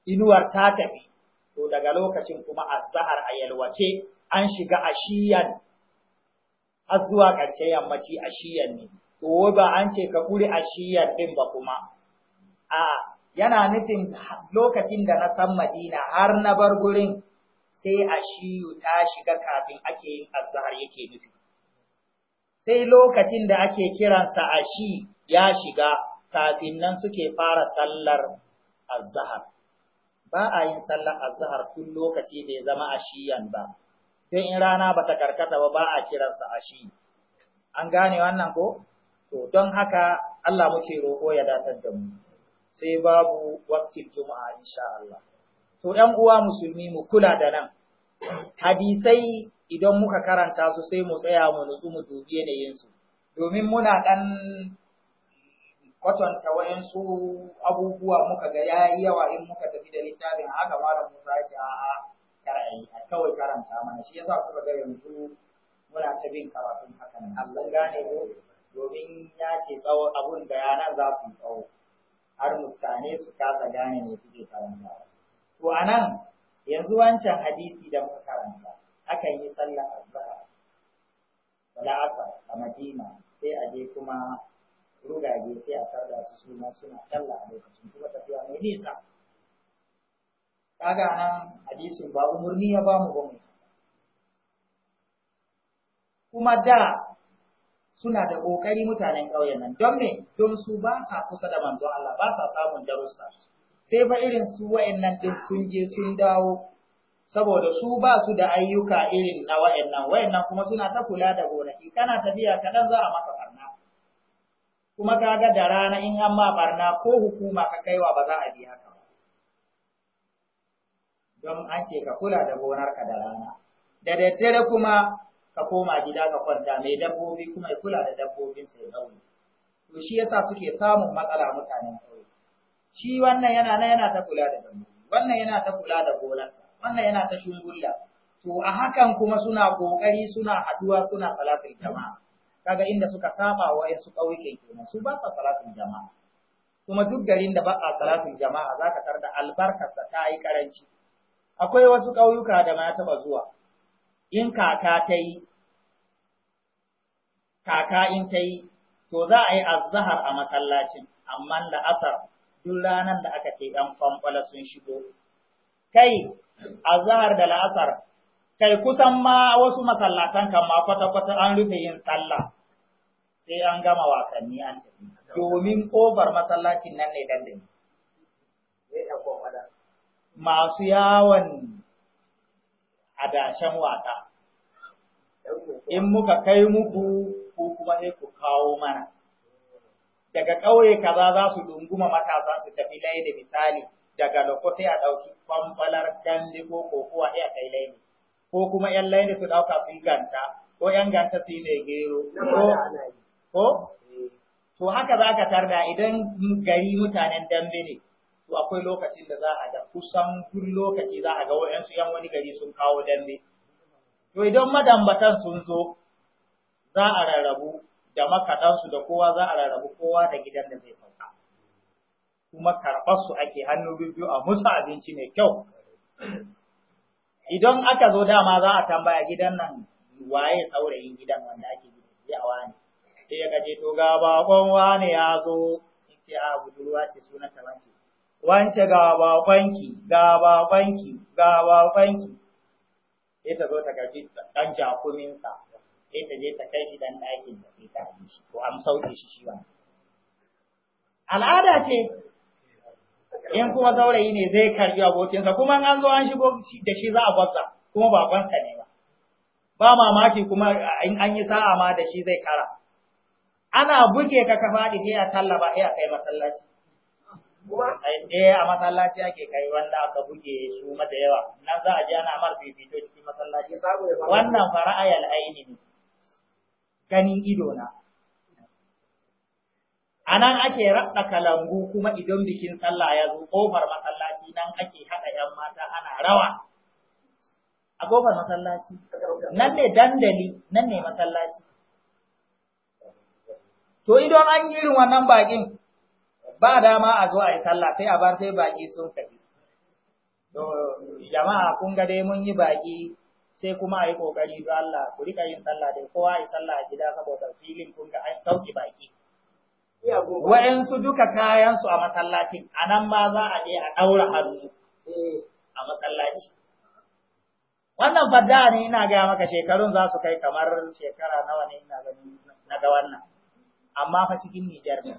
Inuwar ta tafi, to daga lokacin kuma a zahar a yalwace an shiga ashiyan, har zuwa ƙarshen yammaci shiyan ne, to ba an ce ka kuri shiyan ɗin ba kuma, a yana nufin lokacin da na san Madina har na bar gurin sai a shiyu ta shiga kafin ake yin azhar yake nufi. Sai lokacin da ake kiransa a shi ya shiga kafin nan suke fara sallar azhar. Ba a yin sallar azhar tun lokaci bai zama a shiyan ba, don in rana ba ta karkata ba ba a kiransa a shi. An gane wannan ko? To don haka Allah muke roƙo ya datar da mu. sai babu waktin juma'a insha Allah. To ‘yan uwa musulmi mu kula da nan, hadisai idan muka karanta su sai mu tsaya mu nutsu mu dubi yanayinsu, domin muna ɗan kwatanta wayansu abubuwa muka ga ya yawa in muka tafi da littafin haka mara Musa ya ce a'a kar'ayi a kawai karanta mana shi yasa kuka ga yanzu muna ta bin karatun hakan Allah gane ko domin ya ce tsawo abun da yanar za ku tsawo har mutane su kasa gane me suke karanta to anan yanzu wancan hadisi da muka karanta akan yi sallah, azhar wala asar a Madina sai a je kuma rugage sai a tarda su suna suna sallah a lokacin kuma tafiya mai nisa kaga nan hadisin ba umurni ya bamu ba mu kuma da suna da kokari mutanen ƙauyen nan don me don su ba sa kusa da manzon Allah ba sa samun darussa sai fa irin su wa'annan din sun je sun dawo saboda su ba su da ayyuka irin na wa'annan wa'annan kuma suna ta kula da gonaki kana tafiya kaɗan za a maka barna kuma ga da rana in an ma barna ko hukuma ka kaiwa ba za a biya ka ba don an ce ka kula da gonarka da rana da daddare kuma ka koma gida ka kwanta mai dabbobi kuma ya kula da dabbobin su da to shi yasa suke samun matsala mutanen kauye shi wannan yana nan yana ta kula da dabbobi wannan yana ta kula da gonar wannan yana ta shungulla to a hakan kuma suna kokari suna haduwa suna salatul jama'a kaga inda suka saba wa su kauyukan kenan su ba sa salatul jama'a kuma duk garin da ba a salatul jama'a zaka tarda albarkarsa ta yi karanci akwai wasu ƙauyuka da ma taɓa zuwa in kaka ta yi, kaka in ta yi, to za a yi azahar a masallacin, amma da asar duk ranar da aka ce ‘yan fankwala sun shigo. Kai, azahar da la'asar, kai kusan ma wasu masallatan kan ma kwata-kwata an rufe yin sallah, sai an gama wasanni an tafi, domin ƙofar masallacin nan ne dandami. Masu yawon a dashen wasa. In muka kai muku ko kuma sai ku kawo mana. Daga ƙauye kaza za su dunguma matasa su tafi laini misali daga loko sai a ɗauki kwamfalar kande ko kokowa sai a kai laini, Ko kuma ‘yan laini su ɗauka su ganta, ko ‘yan ganta su yi mai gero, ko? To haka za ka tarda idan gari mutanen dambe ne. to akwai lokacin da za a da kusan duk lokaci za a ga wayansu yan wani gari sun kawo dambe to idan madambatan sun zo za a rarrabu da makaɗansu da kowa za a rarrabu kowa da gidan da zai sauka kuma karɓar su ake hannu biyu a musu abinci mai kyau idan aka zo dama za a tambaya gidan nan waye saurayin gidan wanda ake yawa wani sai ya gaje to ga bakon wani ya zo in ce a budurwa ce sunan ta wance ga babanki ga babanki ga babanki sai ta zo ta karbi dan jakuminsa sai ta je ta kai shi dan ɗakin da sai ta yi shi to an sauke shi shi wannan al'ada ce in kuma saurayi ne zai karbi abokinsa kuma an zo an shigo da shi za a gwabza kuma babansa ne ba ba mamaki kuma in an yi sa'a ma da shi zai kara ana buge ka ka faɗi sai a tallaba sai a kai masallaci ɗaya a masallaci ake kai wanda aka buge su mata yawa na za a ji ana mar fifito cikin masallaci wannan fara'ayal aini ne ganin ido na a nan ake raɗa kalangu kuma idan bikin sallah ya zo ƙofar masallaci nan ake haɗa ‘yan mata ana rawa a ƙofar masallaci nan ne dandali nan ne masallaci to idan an yi irin wannan bakin ba dama a zo a yi sallah sai a bar sai baki sun tafi to jama'a kun ga dai mun yi baki sai kuma a yi kokari don Allah ku rika yin sallah dai kowa yi sallah a gida saboda filin kun ga an sauki baki wa'yansu duka kayansu a masallacin a nan ma za a je a ɗaura hannu a masallaci wannan fadda ne ina gaya maka shekarun za su kai kamar shekara nawa ne ina na ga wannan amma fa cikin Nijar ne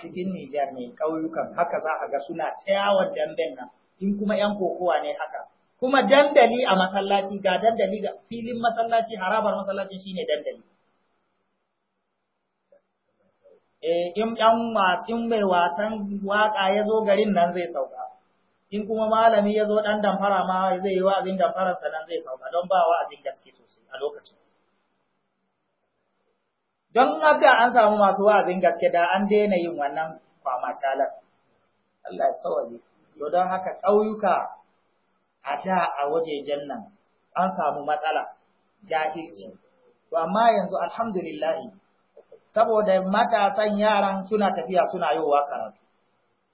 cikin Nijar ne ƙauyukan haka za a ga suna tsayawar damben nan in kuma ‘yan kokowa ne haka kuma dandali a masallaci ga dandali ga filin masallaci harabar masallaci shine dandali E, in ɗan wasin mai wasan waka ya zo garin nan zai sauka in kuma malami ya zo ɗan damfara ma zai yi wa'azin damfararsa nan zai sauka don ba wa'azin gaske sosai a lokacin don haka an samu masu wa'azin gaske da an daina yin wannan kwamacalar Allah ya to don haka ƙauyuka a da a wajejen nan an samu matsala jahilci to amma yanzu alhamdulillah saboda matasan yaran suna tafiya suna yowa karatu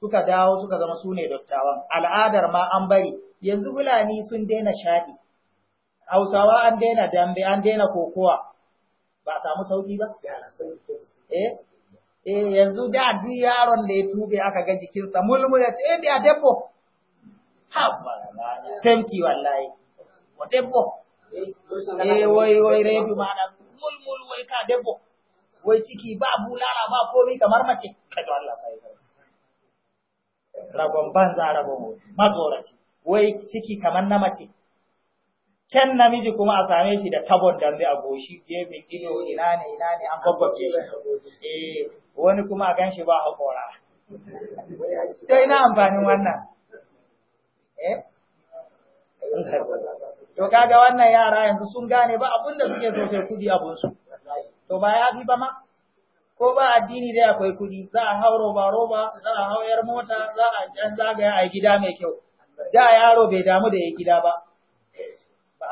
suka dawo suka zama sune dattawan al'adar ma an bari yanzu fulani sun daina shaɗi hausawa an daina dambe an daina kokowa ba a samu sauki ba eh eh yanzu da duk yaron da ya tube aka ga jikinsa mulmul ya ce eh biya debbo Ha, sanki wallahi wa debbo eh wai wai redu mana mulmul wai ka debbo wai ciki ba bulala ba komi kamar mace kaji Allah kai ragon banza ragon magoraci wai ciki kamar na mace Ken namiji kuma a same shi da tabon dambe a goshi gefen ido ina ne ina ne an babbace shi. Eh wani kuma a ganshi ba hakora To ina amfanin wannan. Eh? To kaga wannan yara yanzu sun gane ba abin da suke so sai kudi su, To ba ya fi ba ma? ko ba addini dai akwai kudi za a hau roba roba za a hau yar mota za a dan zagaya a gida mai kyau da yaro bai damu da ya gida ba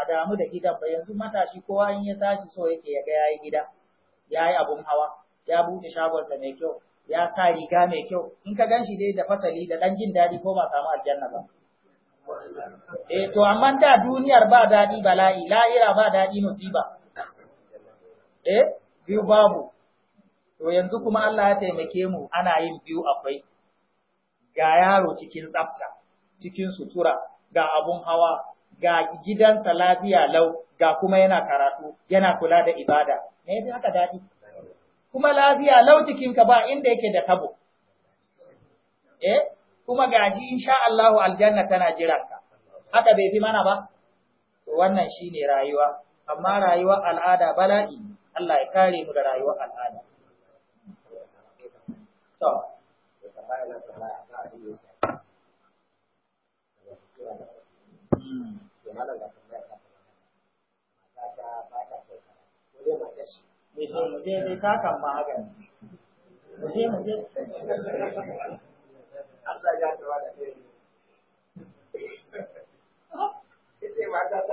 a damu da gidan ba yanzu matashi kowa in ya tashi so yake ya ga yayi gida yayi abun hawa ya buɗe shagonsa mai kyau ya sa riga mai kyau in ka ganshi dai da fasali da dan jin dadi ko ba samu aljanna ba eh to amma da duniyar ba dadi bala'i la'ira ba dadi musiba eh biyu babu to yanzu kuma Allah ya taimake mu ana yin biyu akwai ga yaro cikin tsafta cikin sutura ga abun hawa ga gidansa lafiya lau ga kuma yana karatu yana kula da ibada me yafi haka dadi kuma lafiya lau jikinka ba inda yake da tabo eh kuma gashi insha Allahu aljanna tana jiranka haka bai fi mana ba to wannan shine rayuwa amma rayuwa al'ada bala'i Allah ya kare mu da rayuwa al'ada to Mm. malam ga tambaya ta mata ta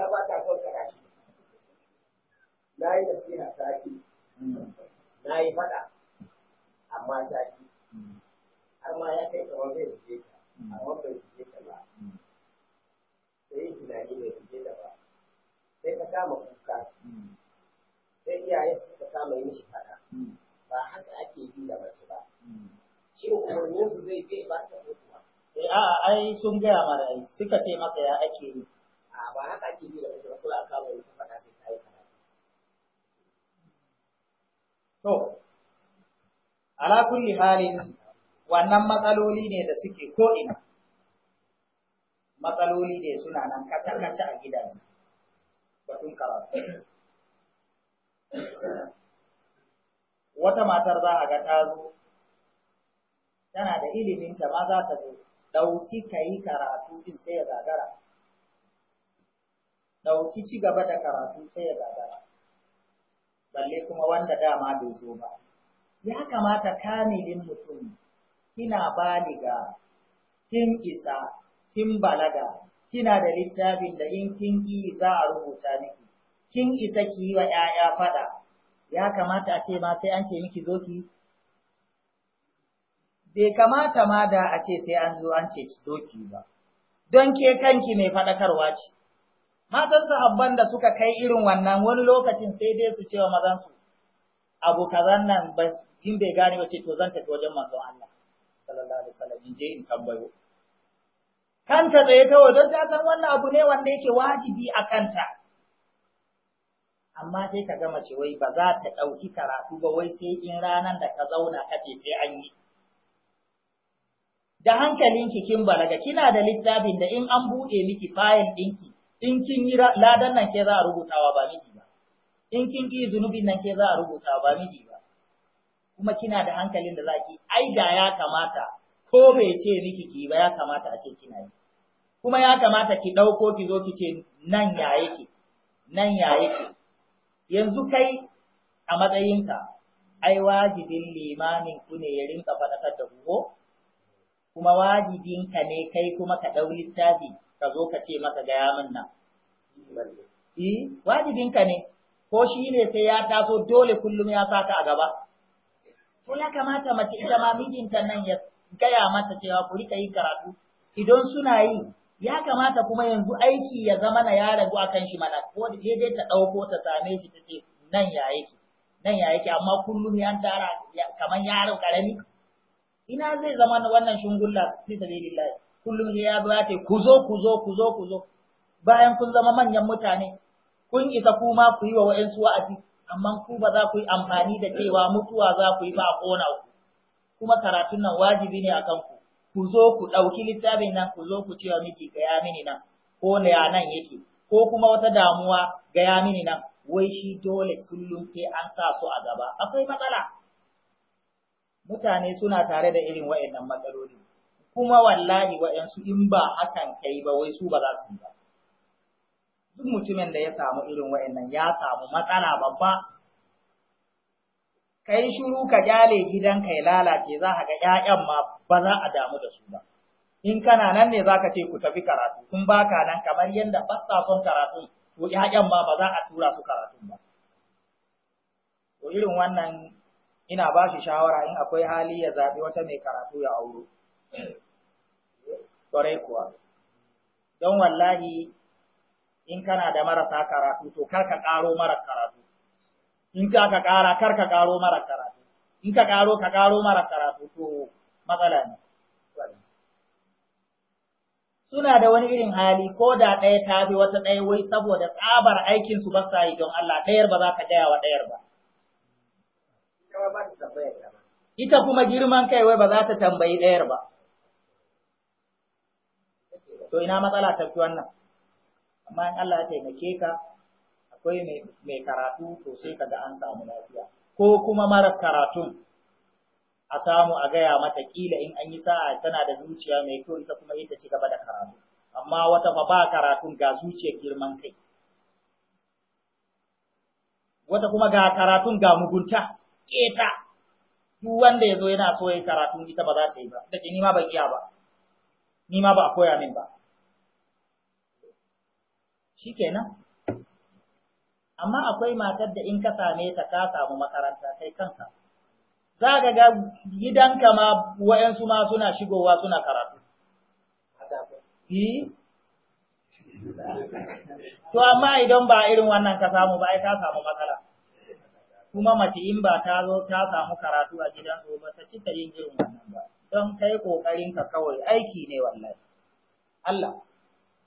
ba ta so ko dai ta kan ma mu mu Allah ya ta ba da dai sai ta ba ta yi nasiha ta ki amma ta ki har ma ya kai kamar zai ta amma bai rike ta ba Sai yin tunani mai fice da ba sai ka kama kuka sai iyayen su ta kama yi mishi fada ba haka ake yi da mace ba shin umarnin su zai bai ba ta mutuwa eh a ai sun gaya mara ai suka ce maka ya ake yi a ba haka ake yi da mace ba ko a kama yi fada sai ta yi fada to ala kulli halin wannan matsaloli ne da suke ko ina matsaloli ne suna nan kaca a gidaje batun karatu wata matar za a ga ta zo tana da iliminta ma za ta zo ɗauki ka yi karatu din sai ya gagara ɗauki ci gaba da karatu sai ya gagara balle kuma wanda dama bai zo ba ya kamata kamilin mutum kina baliga kin isa kin balaga kina da littafin da in kin yi za a rubuta miki kin isa ki yi wa ƴaƴa fada ya kamata a ce ma sai an ce miki zo ki bai kamata ma da a ce sai an zo an ce ki zo ki ba don ke kanki mai faɗakarwa ce matan sahabban da suka kai irin wannan wani lokacin sai dai su cewa mazan su abu kazan nan ba in bai gane ba ce to zan tafi wajen manzon Allah sallallahu alaihi wasallam in je in tambayo kanta tsaye kawai don ta san wannan abu ne wanda yake wajibi a kanta. Amma sai ka gama ce wai ba za ta ɗauki karatu ba wai sai in ranar da ka zauna kace sai an yi. Da hankalin kin balaga kina da littafin da in an buɗe miki fayil ɗinki in kin yi ladan nan ke za a rubutawa ba miji ba. In kin yi zunubin nan ke za a rubutawa ba miji ba. Kuma kina da hankalin da za ki ai da ya kamata ko bai ce miki ba ya kamata a ce kina yi kuma ya kamata ki ɗauko ki zo ki ce nan ya yake nan ya yake yanzu kai a matsayinka ai wajibin limamin ku ne ya rinka faɗakar da ku kuma wajibinka ne kai kuma ka ɗau littafi ka zo ka ce maka gaya min nan Eh, wajibinka ne, ko shi ne sai ya taso dole kullum ya saka a gaba. Ko ya kamata mace ita ma mijinta nan ya gaya masa cewa ku rika yin karatu idan suna yi ya kamata kuma yanzu aiki ya zama na ya ragu kan shi mana ko daidai ta ɗauko ta same shi ta ce nan ya yake nan ya yake amma kullum ya tara kamar rau karami ina zai zama na wannan shungulla fi sabilillah kullum ya zo ya ce ku zo ku zo ku zo ku zo bayan kun zama manyan mutane kun isa ku ma ku yi wa wa'ansu wa'azi amma ku ba za ku yi amfani da cewa mutuwa za ku yi ba a ƙona ku kuma karatun nan wajibi ne akan ku ku zo ku ɗauki littafin nan ku zo ku cewa miki gaya mini nan ko ya nan yake ko kuma wata damuwa gaya mini nan wai shi dole kullum sai an sa su a gaba akwai matsala mutane suna tare da irin wa'annan matsaloli kuma wallahi wayansu in ba hakan kai ba wai su ba za su yi ba duk mutumin da ya samu irin wayannan ya samu matsala babba ka yi shiru ka gyale gidanka ya lalace za ka ga 'ya'yan ma ba za a damu da su ba in kana nan ne za ka ce ku tafi karatu tun ba ka nan kamar yadda ba sa son karatu, to 'ya'yan ma ba za a tura su karatu ba to irin wannan ina ba shi shawara in akwai hali ya zaɓi wata mai karatu ya auro ƙwarai kuwa don wallahi in kana da marasa karatu to kar ka ƙaro mara karatu in ka ka ƙara kar ka ƙaro mara karatu in ka ƙaro ka ƙaro mara karatu to matsala ne suna da wani irin hali ko da ɗaya ta bi wata ɗaya wai saboda tsabar aikin su ba sa yi don Allah ɗayar ba za ka gaya wa ɗayar ba ita kuma girman kai wai ba za ta tambayi ɗayar ba to ina matsala ta fi wannan amma in Allah ya taimake ka akwai mai karatu to sai kaga an samu lafiya ko kuma mara karatun a samu a gaya mata kila in an yi sa'a tana da zuciya mai kyau ita kuma ita ci gaba da karatu amma wata fa ba karatun ga zuciyar girman kai wata kuma ga karatun ga mugunta keta duk wanda ya zo yana so ya karatu ita ba za ta yi ba da ni ma ban iya ba ni ma ba a koya min ba shikenan amma akwai matar da in ka same ta ka samu makaranta kai kanka za ka ga gidanka ma wayansu ma suna shigowa suna karatu eh? to amma idan ba irin wannan ka samu ba ai ka samu matsala kuma mace in ba ta zo ta samu karatu a gidan su ba ta cika yin irin wannan ba don kai kokarin ka kawai aiki ne wallahi Allah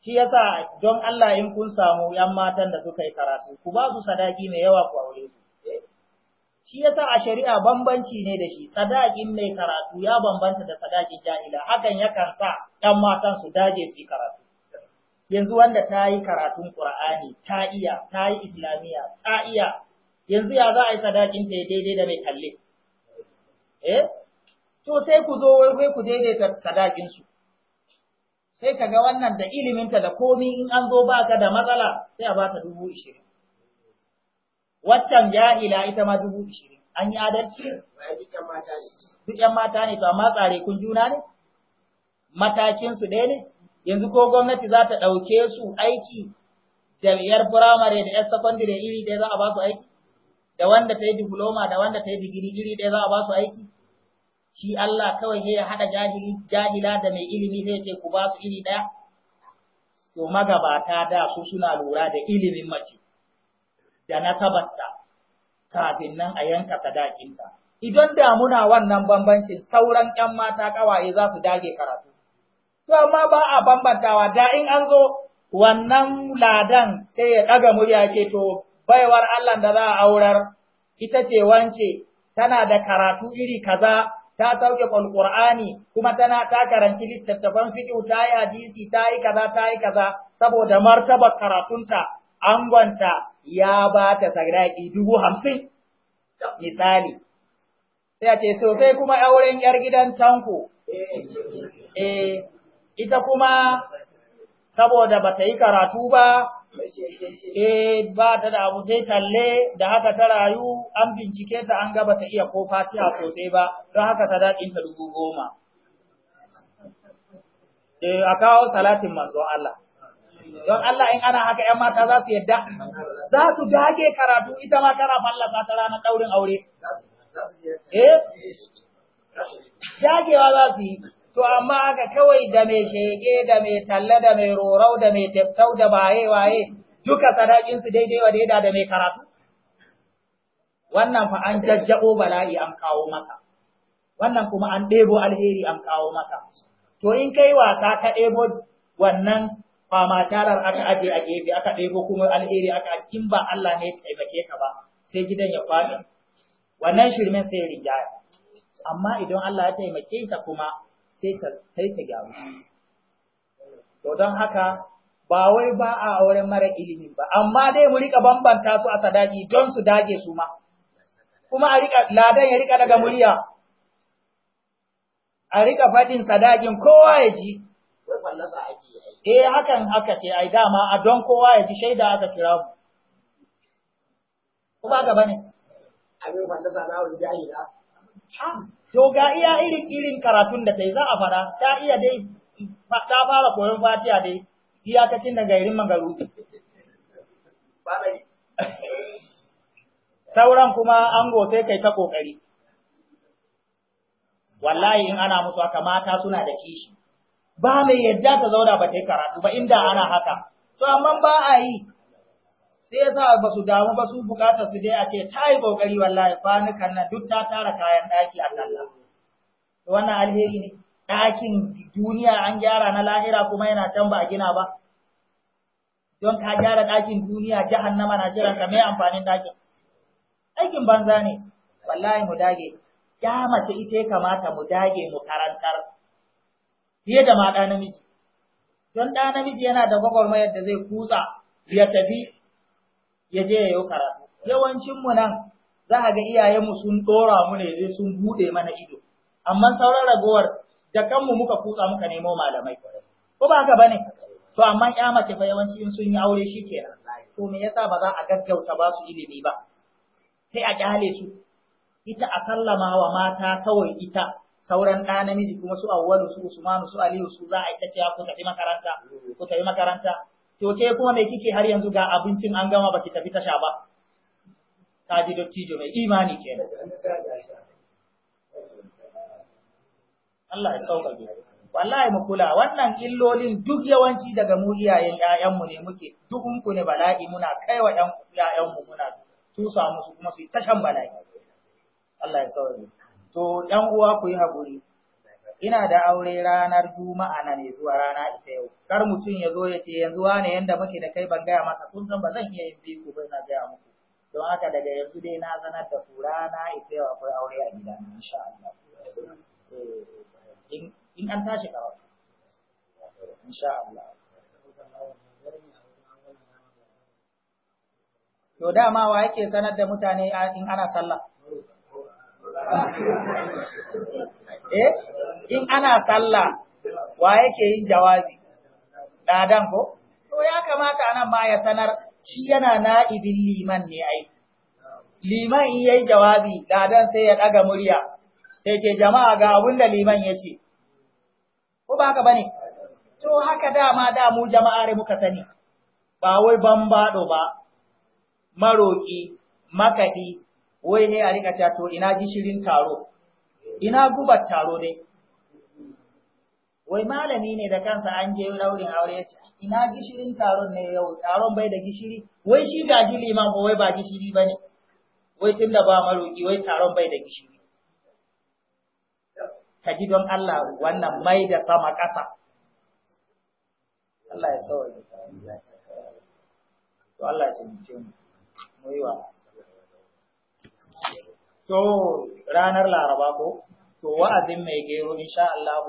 Shi yasa don Allah in kun samu ‘yan matan da suka yi karatu, ku ba su sadaki mai yawa ku aure su. Shi yasa a shari'a bambanci ne da shi, sadakin mai karatu ya bambanta da sadakin jahila, hakan ya sa ‘yan matan su dage su yi karatu. Yanzu wanda ta yi karatun Ƙur'ani, ta iya, ta yi Islamiyya, ta iya, yanzu ya za a yi sadakin ta daidai da mai kalle. Eh? To sai ku zo wai ku daidaita sadakin su. sai ka ga wannan da iliminta da komi in an zo ba da matsala sai a ba ta dubu ishirin. Waccan jahila ita ma dubu ishirin, an yi adalci? Duk ‘yan mata ne, to amma tsare kun juna ne? Matakinsu ɗaya ne? Yanzu ko gwamnati za ta ɗauke su aiki da ‘yar firamare da ‘yar sakandare iri ɗaya za a ba su aiki? Da wanda ta yi diploma da wanda ta yi digiri iri ɗaya za a ba su aiki? shi Allah kawai ya haɗa jahila da mai ilimi zai ce ku ba su iri ɗaya? To magabata da su suna lura da ilimin mace, da na nasabarta kafin nan a yanka sadakinta. Idan da muna wannan bambancin sauran ‘yan mata ƙawaye za su dage karatu. To amma ba a bambantawa da in an zo wannan ladan sai ya ɗaga murya ke to baiwar Allah da za a aurar ita ce wance tana da karatu iri kaza ta tauke Alƙur'ani, kuma tana ta karanci littattafan fiqh ta yi hadisi ta yi kaza ta yi kaza saboda martaba karatunta angonta ya ba ta sadaki dubu hamsin misali sai ce sosai kuma auren yar gidan tanko eh ita kuma saboda ba ta yi karatu ba eh ba ta da abu sai talle da haka ta rayu an bincike ta an gaba ta iya ko fatiha sosai ba don haka ta daɗin ta dubu goma eh a kawo salatin manzo Allah don Allah in ana haka ƴan mata za su yadda za su dage karatu ita ma kana fallasa ta ranar ɗaurin aure eh dagewa za su yi to amma aka kawai da mai shege da mai talla da mai rorau da mai teftau da baye waye duka sadakinsu daidai wa daida da mai karatu wannan fa an jajjabo bala'i an kawo maka wannan kuma an ɗebo alheri an kawo maka to in kai wasa ka ɗebo wannan kwama tarar aka aje a gefe aka ɗebo kuma alheri aka in ba Allah ne ya taimake ka ba sai gidan ya faɗi wannan shirmen sai rinjaya amma idan Allah ya taimake ka kuma sai ta sai ta gyaru to don haka ba wai ba a auren mara ilimin ba amma dai mu rika bambanta su a sadaki don su dage su ma kuma a rika ladan ya rika daga murya a rika fadin sadakin kowa ya ji wai eh hakan haka ce ai dama a don kowa ya ji shaida aka kira mu ko ba gaba ne abin fallasa na wani jahila To ga iya irin irin karatun da ta yi za a fara, ta iya dai, ta fara koyon fatiya dai, iyakacin da gairin magaru. Sauran kuma ango sai kai ta ƙoƙari. Wallahi in ana musu haka mata suna da kishi. Ba mai yadda ta zauna ba ta yi karatu ba inda ana haka. To amma ba a yi, sai ya sa ba su damu ba su bukatar su dai a ce ta yi kokari wallahi kwanukan nan duk ta tara kayan ɗaki a kalla to wannan alheri ne ɗakin duniya an gyara na lahira kuma yana can ba a gina ba don ka gyara ɗakin duniya jahannama na jiran ka mai amfanin ɗakin aikin banza ne wallahi mu dage ya mace ita ya kamata mu dage mu karantar fiye da ma ɗa namiji don ɗa namiji yana da gwagwarmayar da zai kutsa ya tafi ya je ya yi karatu yawancin mu nan za a ga iyayenmu sun dora mu ne sai sun bude mana ido amma sauran ragowar da kanmu muka kutsa muka nemo malamai ko ba haka bane to amma ya mace fa yawanci in sun yi aure shi ke to me yasa ba za a gaggauta ba su ilimi ba sai a kyale su ita a sallama wa mata kawai ita sauran ɗa namiji kuma su awwalu su usmanu su aliyu su za a ita ce ku tafi makaranta ku tafi makaranta to ke kuma mai kike har yanzu ga abincin an gama baki tafi tasha ba ta ji dottijo mai imani ke Allah ya sauka sauƙaƙe wallahi mu kula wannan illolin duk yawanci daga mu iyayen ƴaƴanmu ne muke duk ku ne bala'i muna kaiwa ƴan ƴaƴanmu muna tusa musu kuma su tashan bala'i Allah ya sauƙaƙe to ƴan uwa ku yi haƙuri ina da aure ranar juma'a na ne zuwa rana ita yau kar mutum ya zo ya ce yanzu wane yanda muke da kai ban gaya maka kun san ba zan iya yin biyu ba ina gaya muku don haka daga yanzu dai na sanar da ku rana ita yau akwai aure a gida na insha Allah eh, in an tashi kawo insha Allah to dama wa yake sanar da mutane in ana sallah Eh, in ana sallah wa yake yin jawabi, ɗadan ko? To ya kamata anan ma ya sanar shi yana na'ibin liman ne ai. Liman in yayi jawabi, ɗadan sai ya ɗaga murya, sai ke jama'a ga abin da liman ya ce. Ko ba haka ba ne? To haka dama damu jama'are muka sani, ba wai ban ba, maroƙi, makaɗi, wai ne a rika ta to ina gishirin taro ina gubar taro dai wai malami ne da kansa an je daurin aure ya ce ina gishirin taron ne yau taron bai da gishiri wai shi shi liman ba wai ba gishiri bane wai tunda ba maroki wai taron bai da gishiri ka ji don Allah wannan mai da sama ƙasa. Allah ya sauwa to Allah ya cimce mu, mu yi wa to ranar laraba ko to wa'azin mai gero insha Allah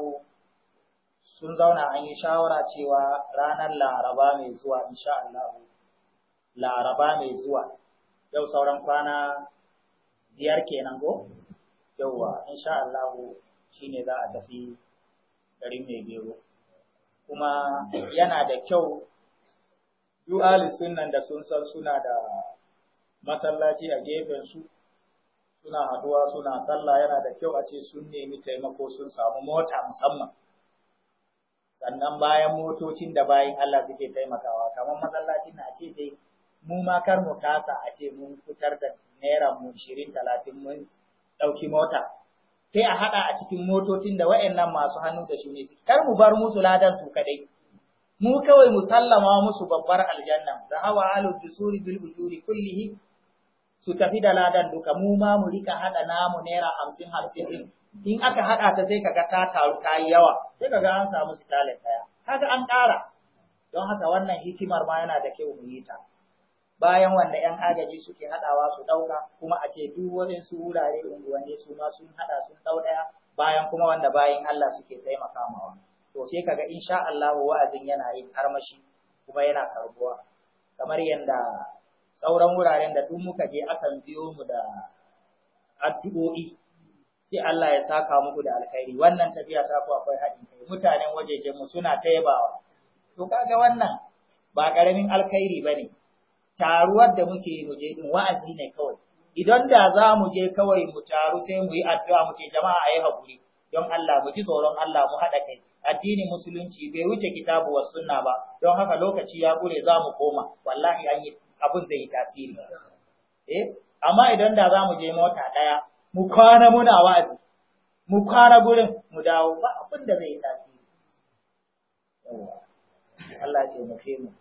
sun zauna an yi shawara cewa ranar laraba mai zuwa insha Allah laraba mai zuwa yau sauran kwana biyar kenan ko yauwa insha Allah shine za a tafi garin mai gero kuma yana da kyau duk sunnan da sun san suna da masallaci a gefen su suna haduwa suna sallah yana da kyau a ce sun nemi taimako sun samu mota musamman sannan bayan motocin da bayan Allah suke taimakawa kamar masallacin na ce dai mu ma kar mu kasa a ce mun fitar da naira mu 20 30 mun dauki mota sai a hada a cikin motocin da wayannan masu hannu da shi shuni kar mu bar musu ladan su kadai mu kawai mu sallama musu babbar aljanna hawa alu dusuri bil ujuri kullihi su tafi da ladan duka mu ma mu rika haɗa namu naira hamsin hamsin din in aka haɗa ta sai kaga ta taru ta yi yawa sai kaga an samu sitalin ɗaya kaga an kara don haka wannan hikimar ma yana da kyau mu yi ta bayan wanda ‘yan agaji suke haɗawa su ɗauka kuma a ce duk su wurare unguwanni su ma sun haɗa sun ɗau ɗaya bayan kuma wanda bayan Allah suke taimaka mawa to sai kaga insha Allah wa'azin yana yin armashi kuma yana karbuwa kamar yadda sauran wuraren da duk muka je akan biyo mu da addu'o'i sai Allah ya saka muku da alkhairi wannan tafiya ta ku akwai haɗin kai mutanen waje mu suna ta yabawa to kaga wannan ba karamin alkhairi bane taruwar da muke mu je din wa'azi ne kawai idan da za mu je kawai mu taru sai mu yi addu'a mu ce jama'a ayi hakuri don Allah mu ji tsoron Allah mu haɗa kai addinin musulunci bai wuce kitabu wa sunna ba don haka lokaci ya gure za mu koma wallahi an yi abin zai yi tasiri eh amma idan da za mu je mota ɗaya mu kwana muna wa'azi mu kwana gurin mu dawo ba abin da zai yi Allah ce mu mu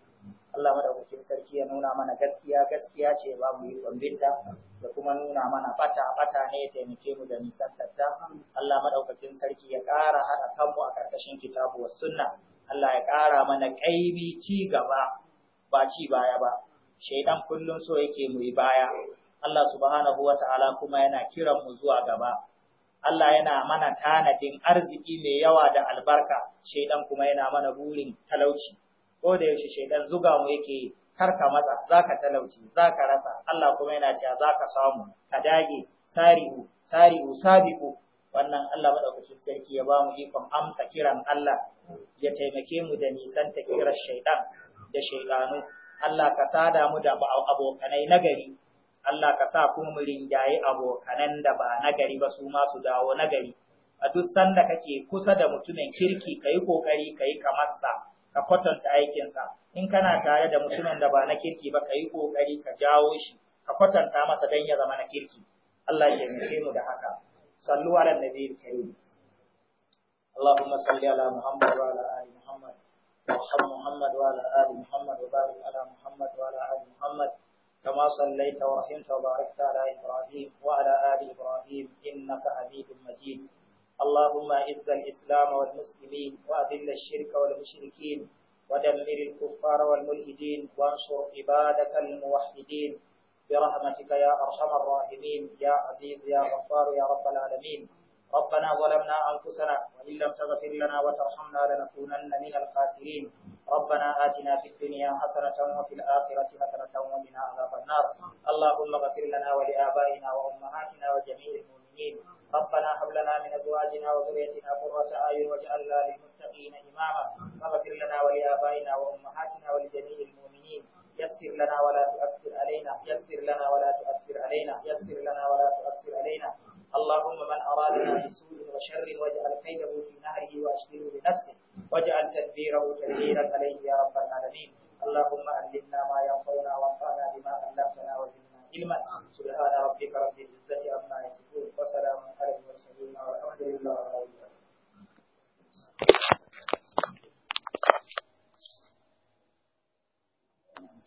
Allah madaukakin sarki ya nuna mana gaskiya gaskiya ce ba mu yi kwambinta da kuma nuna mana fata fata ne ya taimake mu da nisantarta Allah maɗaukakin sarki ya ƙara haɗa kanmu a ƙarƙashin kitabu wa sunna Allah ya ƙara mana kaimi ci gaba ba ci baya ba shaidan kullum so yake mu yi baya Allah subhanahu ta'ala kuma yana kiran mu zuwa gaba Allah yana mana tanadin arziki mai yawa da albarka shaidan kuma yana mana burin talauci ko da yaushe shaidan zuga mu yake karka matsa zaka talauci zaka rasa Allah kuma yana cewa zaka samu ka dage sarihu sarihu sabiku, wannan Allah maɗaukacin sarki ya ba mu ikon amsa kiran Allah ya taimake mu da nisan ta kiran shaidan da shaidanu Allah ka sada mu da abokanai nagari Allah ka sa kuma mu rinjaye abokanan da ba nagari ba su ma dawo nagari a duk sanda kake kusa da mutumin kirki kayi kokari kayi kamar sa ka kwatanta aikinsa in kana tare da mutumin da ba na kirki ba kayi kokari ka jawo shi ka kwatanta masa dan ya zama na kirki Allah ya yi mu da haka sallu ala nabiyil karim salli ala Muhammad wa ala ali Muhammad. وارحم محمد وعلى آل محمد وبارك على محمد وعلى آل محمد كما صليت ورحمت وباركت على إبراهيم وعلى آل إبراهيم إنك حميد مجيد اللهم اعز الإسلام والمسلمين وأذل الشرك والمشركين ودمر الكفار والملحدين وانصر عبادك الموحدين برحمتك يا أرحم الراحمين يا عزيز يا غفار يا رب العالمين ربنا ظلمنا أنفسنا وإن لم تغفر لنا وترحمنا لنكونن من الخاسرين ربنا آتنا في الدنيا حسنة وفي الآخرة حسنة وقنا عذاب النار اللهم اغفر لنا ولآبائنا وأمهاتنا وجميع المؤمنين ربنا هب لنا من أزواجنا وذريتنا قرة أعين واجعلنا للمتقين إماما واغفر لنا ولآبائنا وأمهاتنا ولجميع المؤمنين يسر لنا ولا تؤثر علينا يسر لنا ولا تؤثر علينا يسر لنا ولا تؤثر علينا اللهم من أرادنا بسوء وشر واجعل كيده في نهره وأشغله بنفسه واجعل تدبيره تدبيرا عليه يا رب العالمين اللهم علمنا ما ينفعنا وانفعنا بما علمتنا وزدنا علما سبحان ربك رب العزة عما يصفون وسلام على المرسلين والحمد لله رب العالمين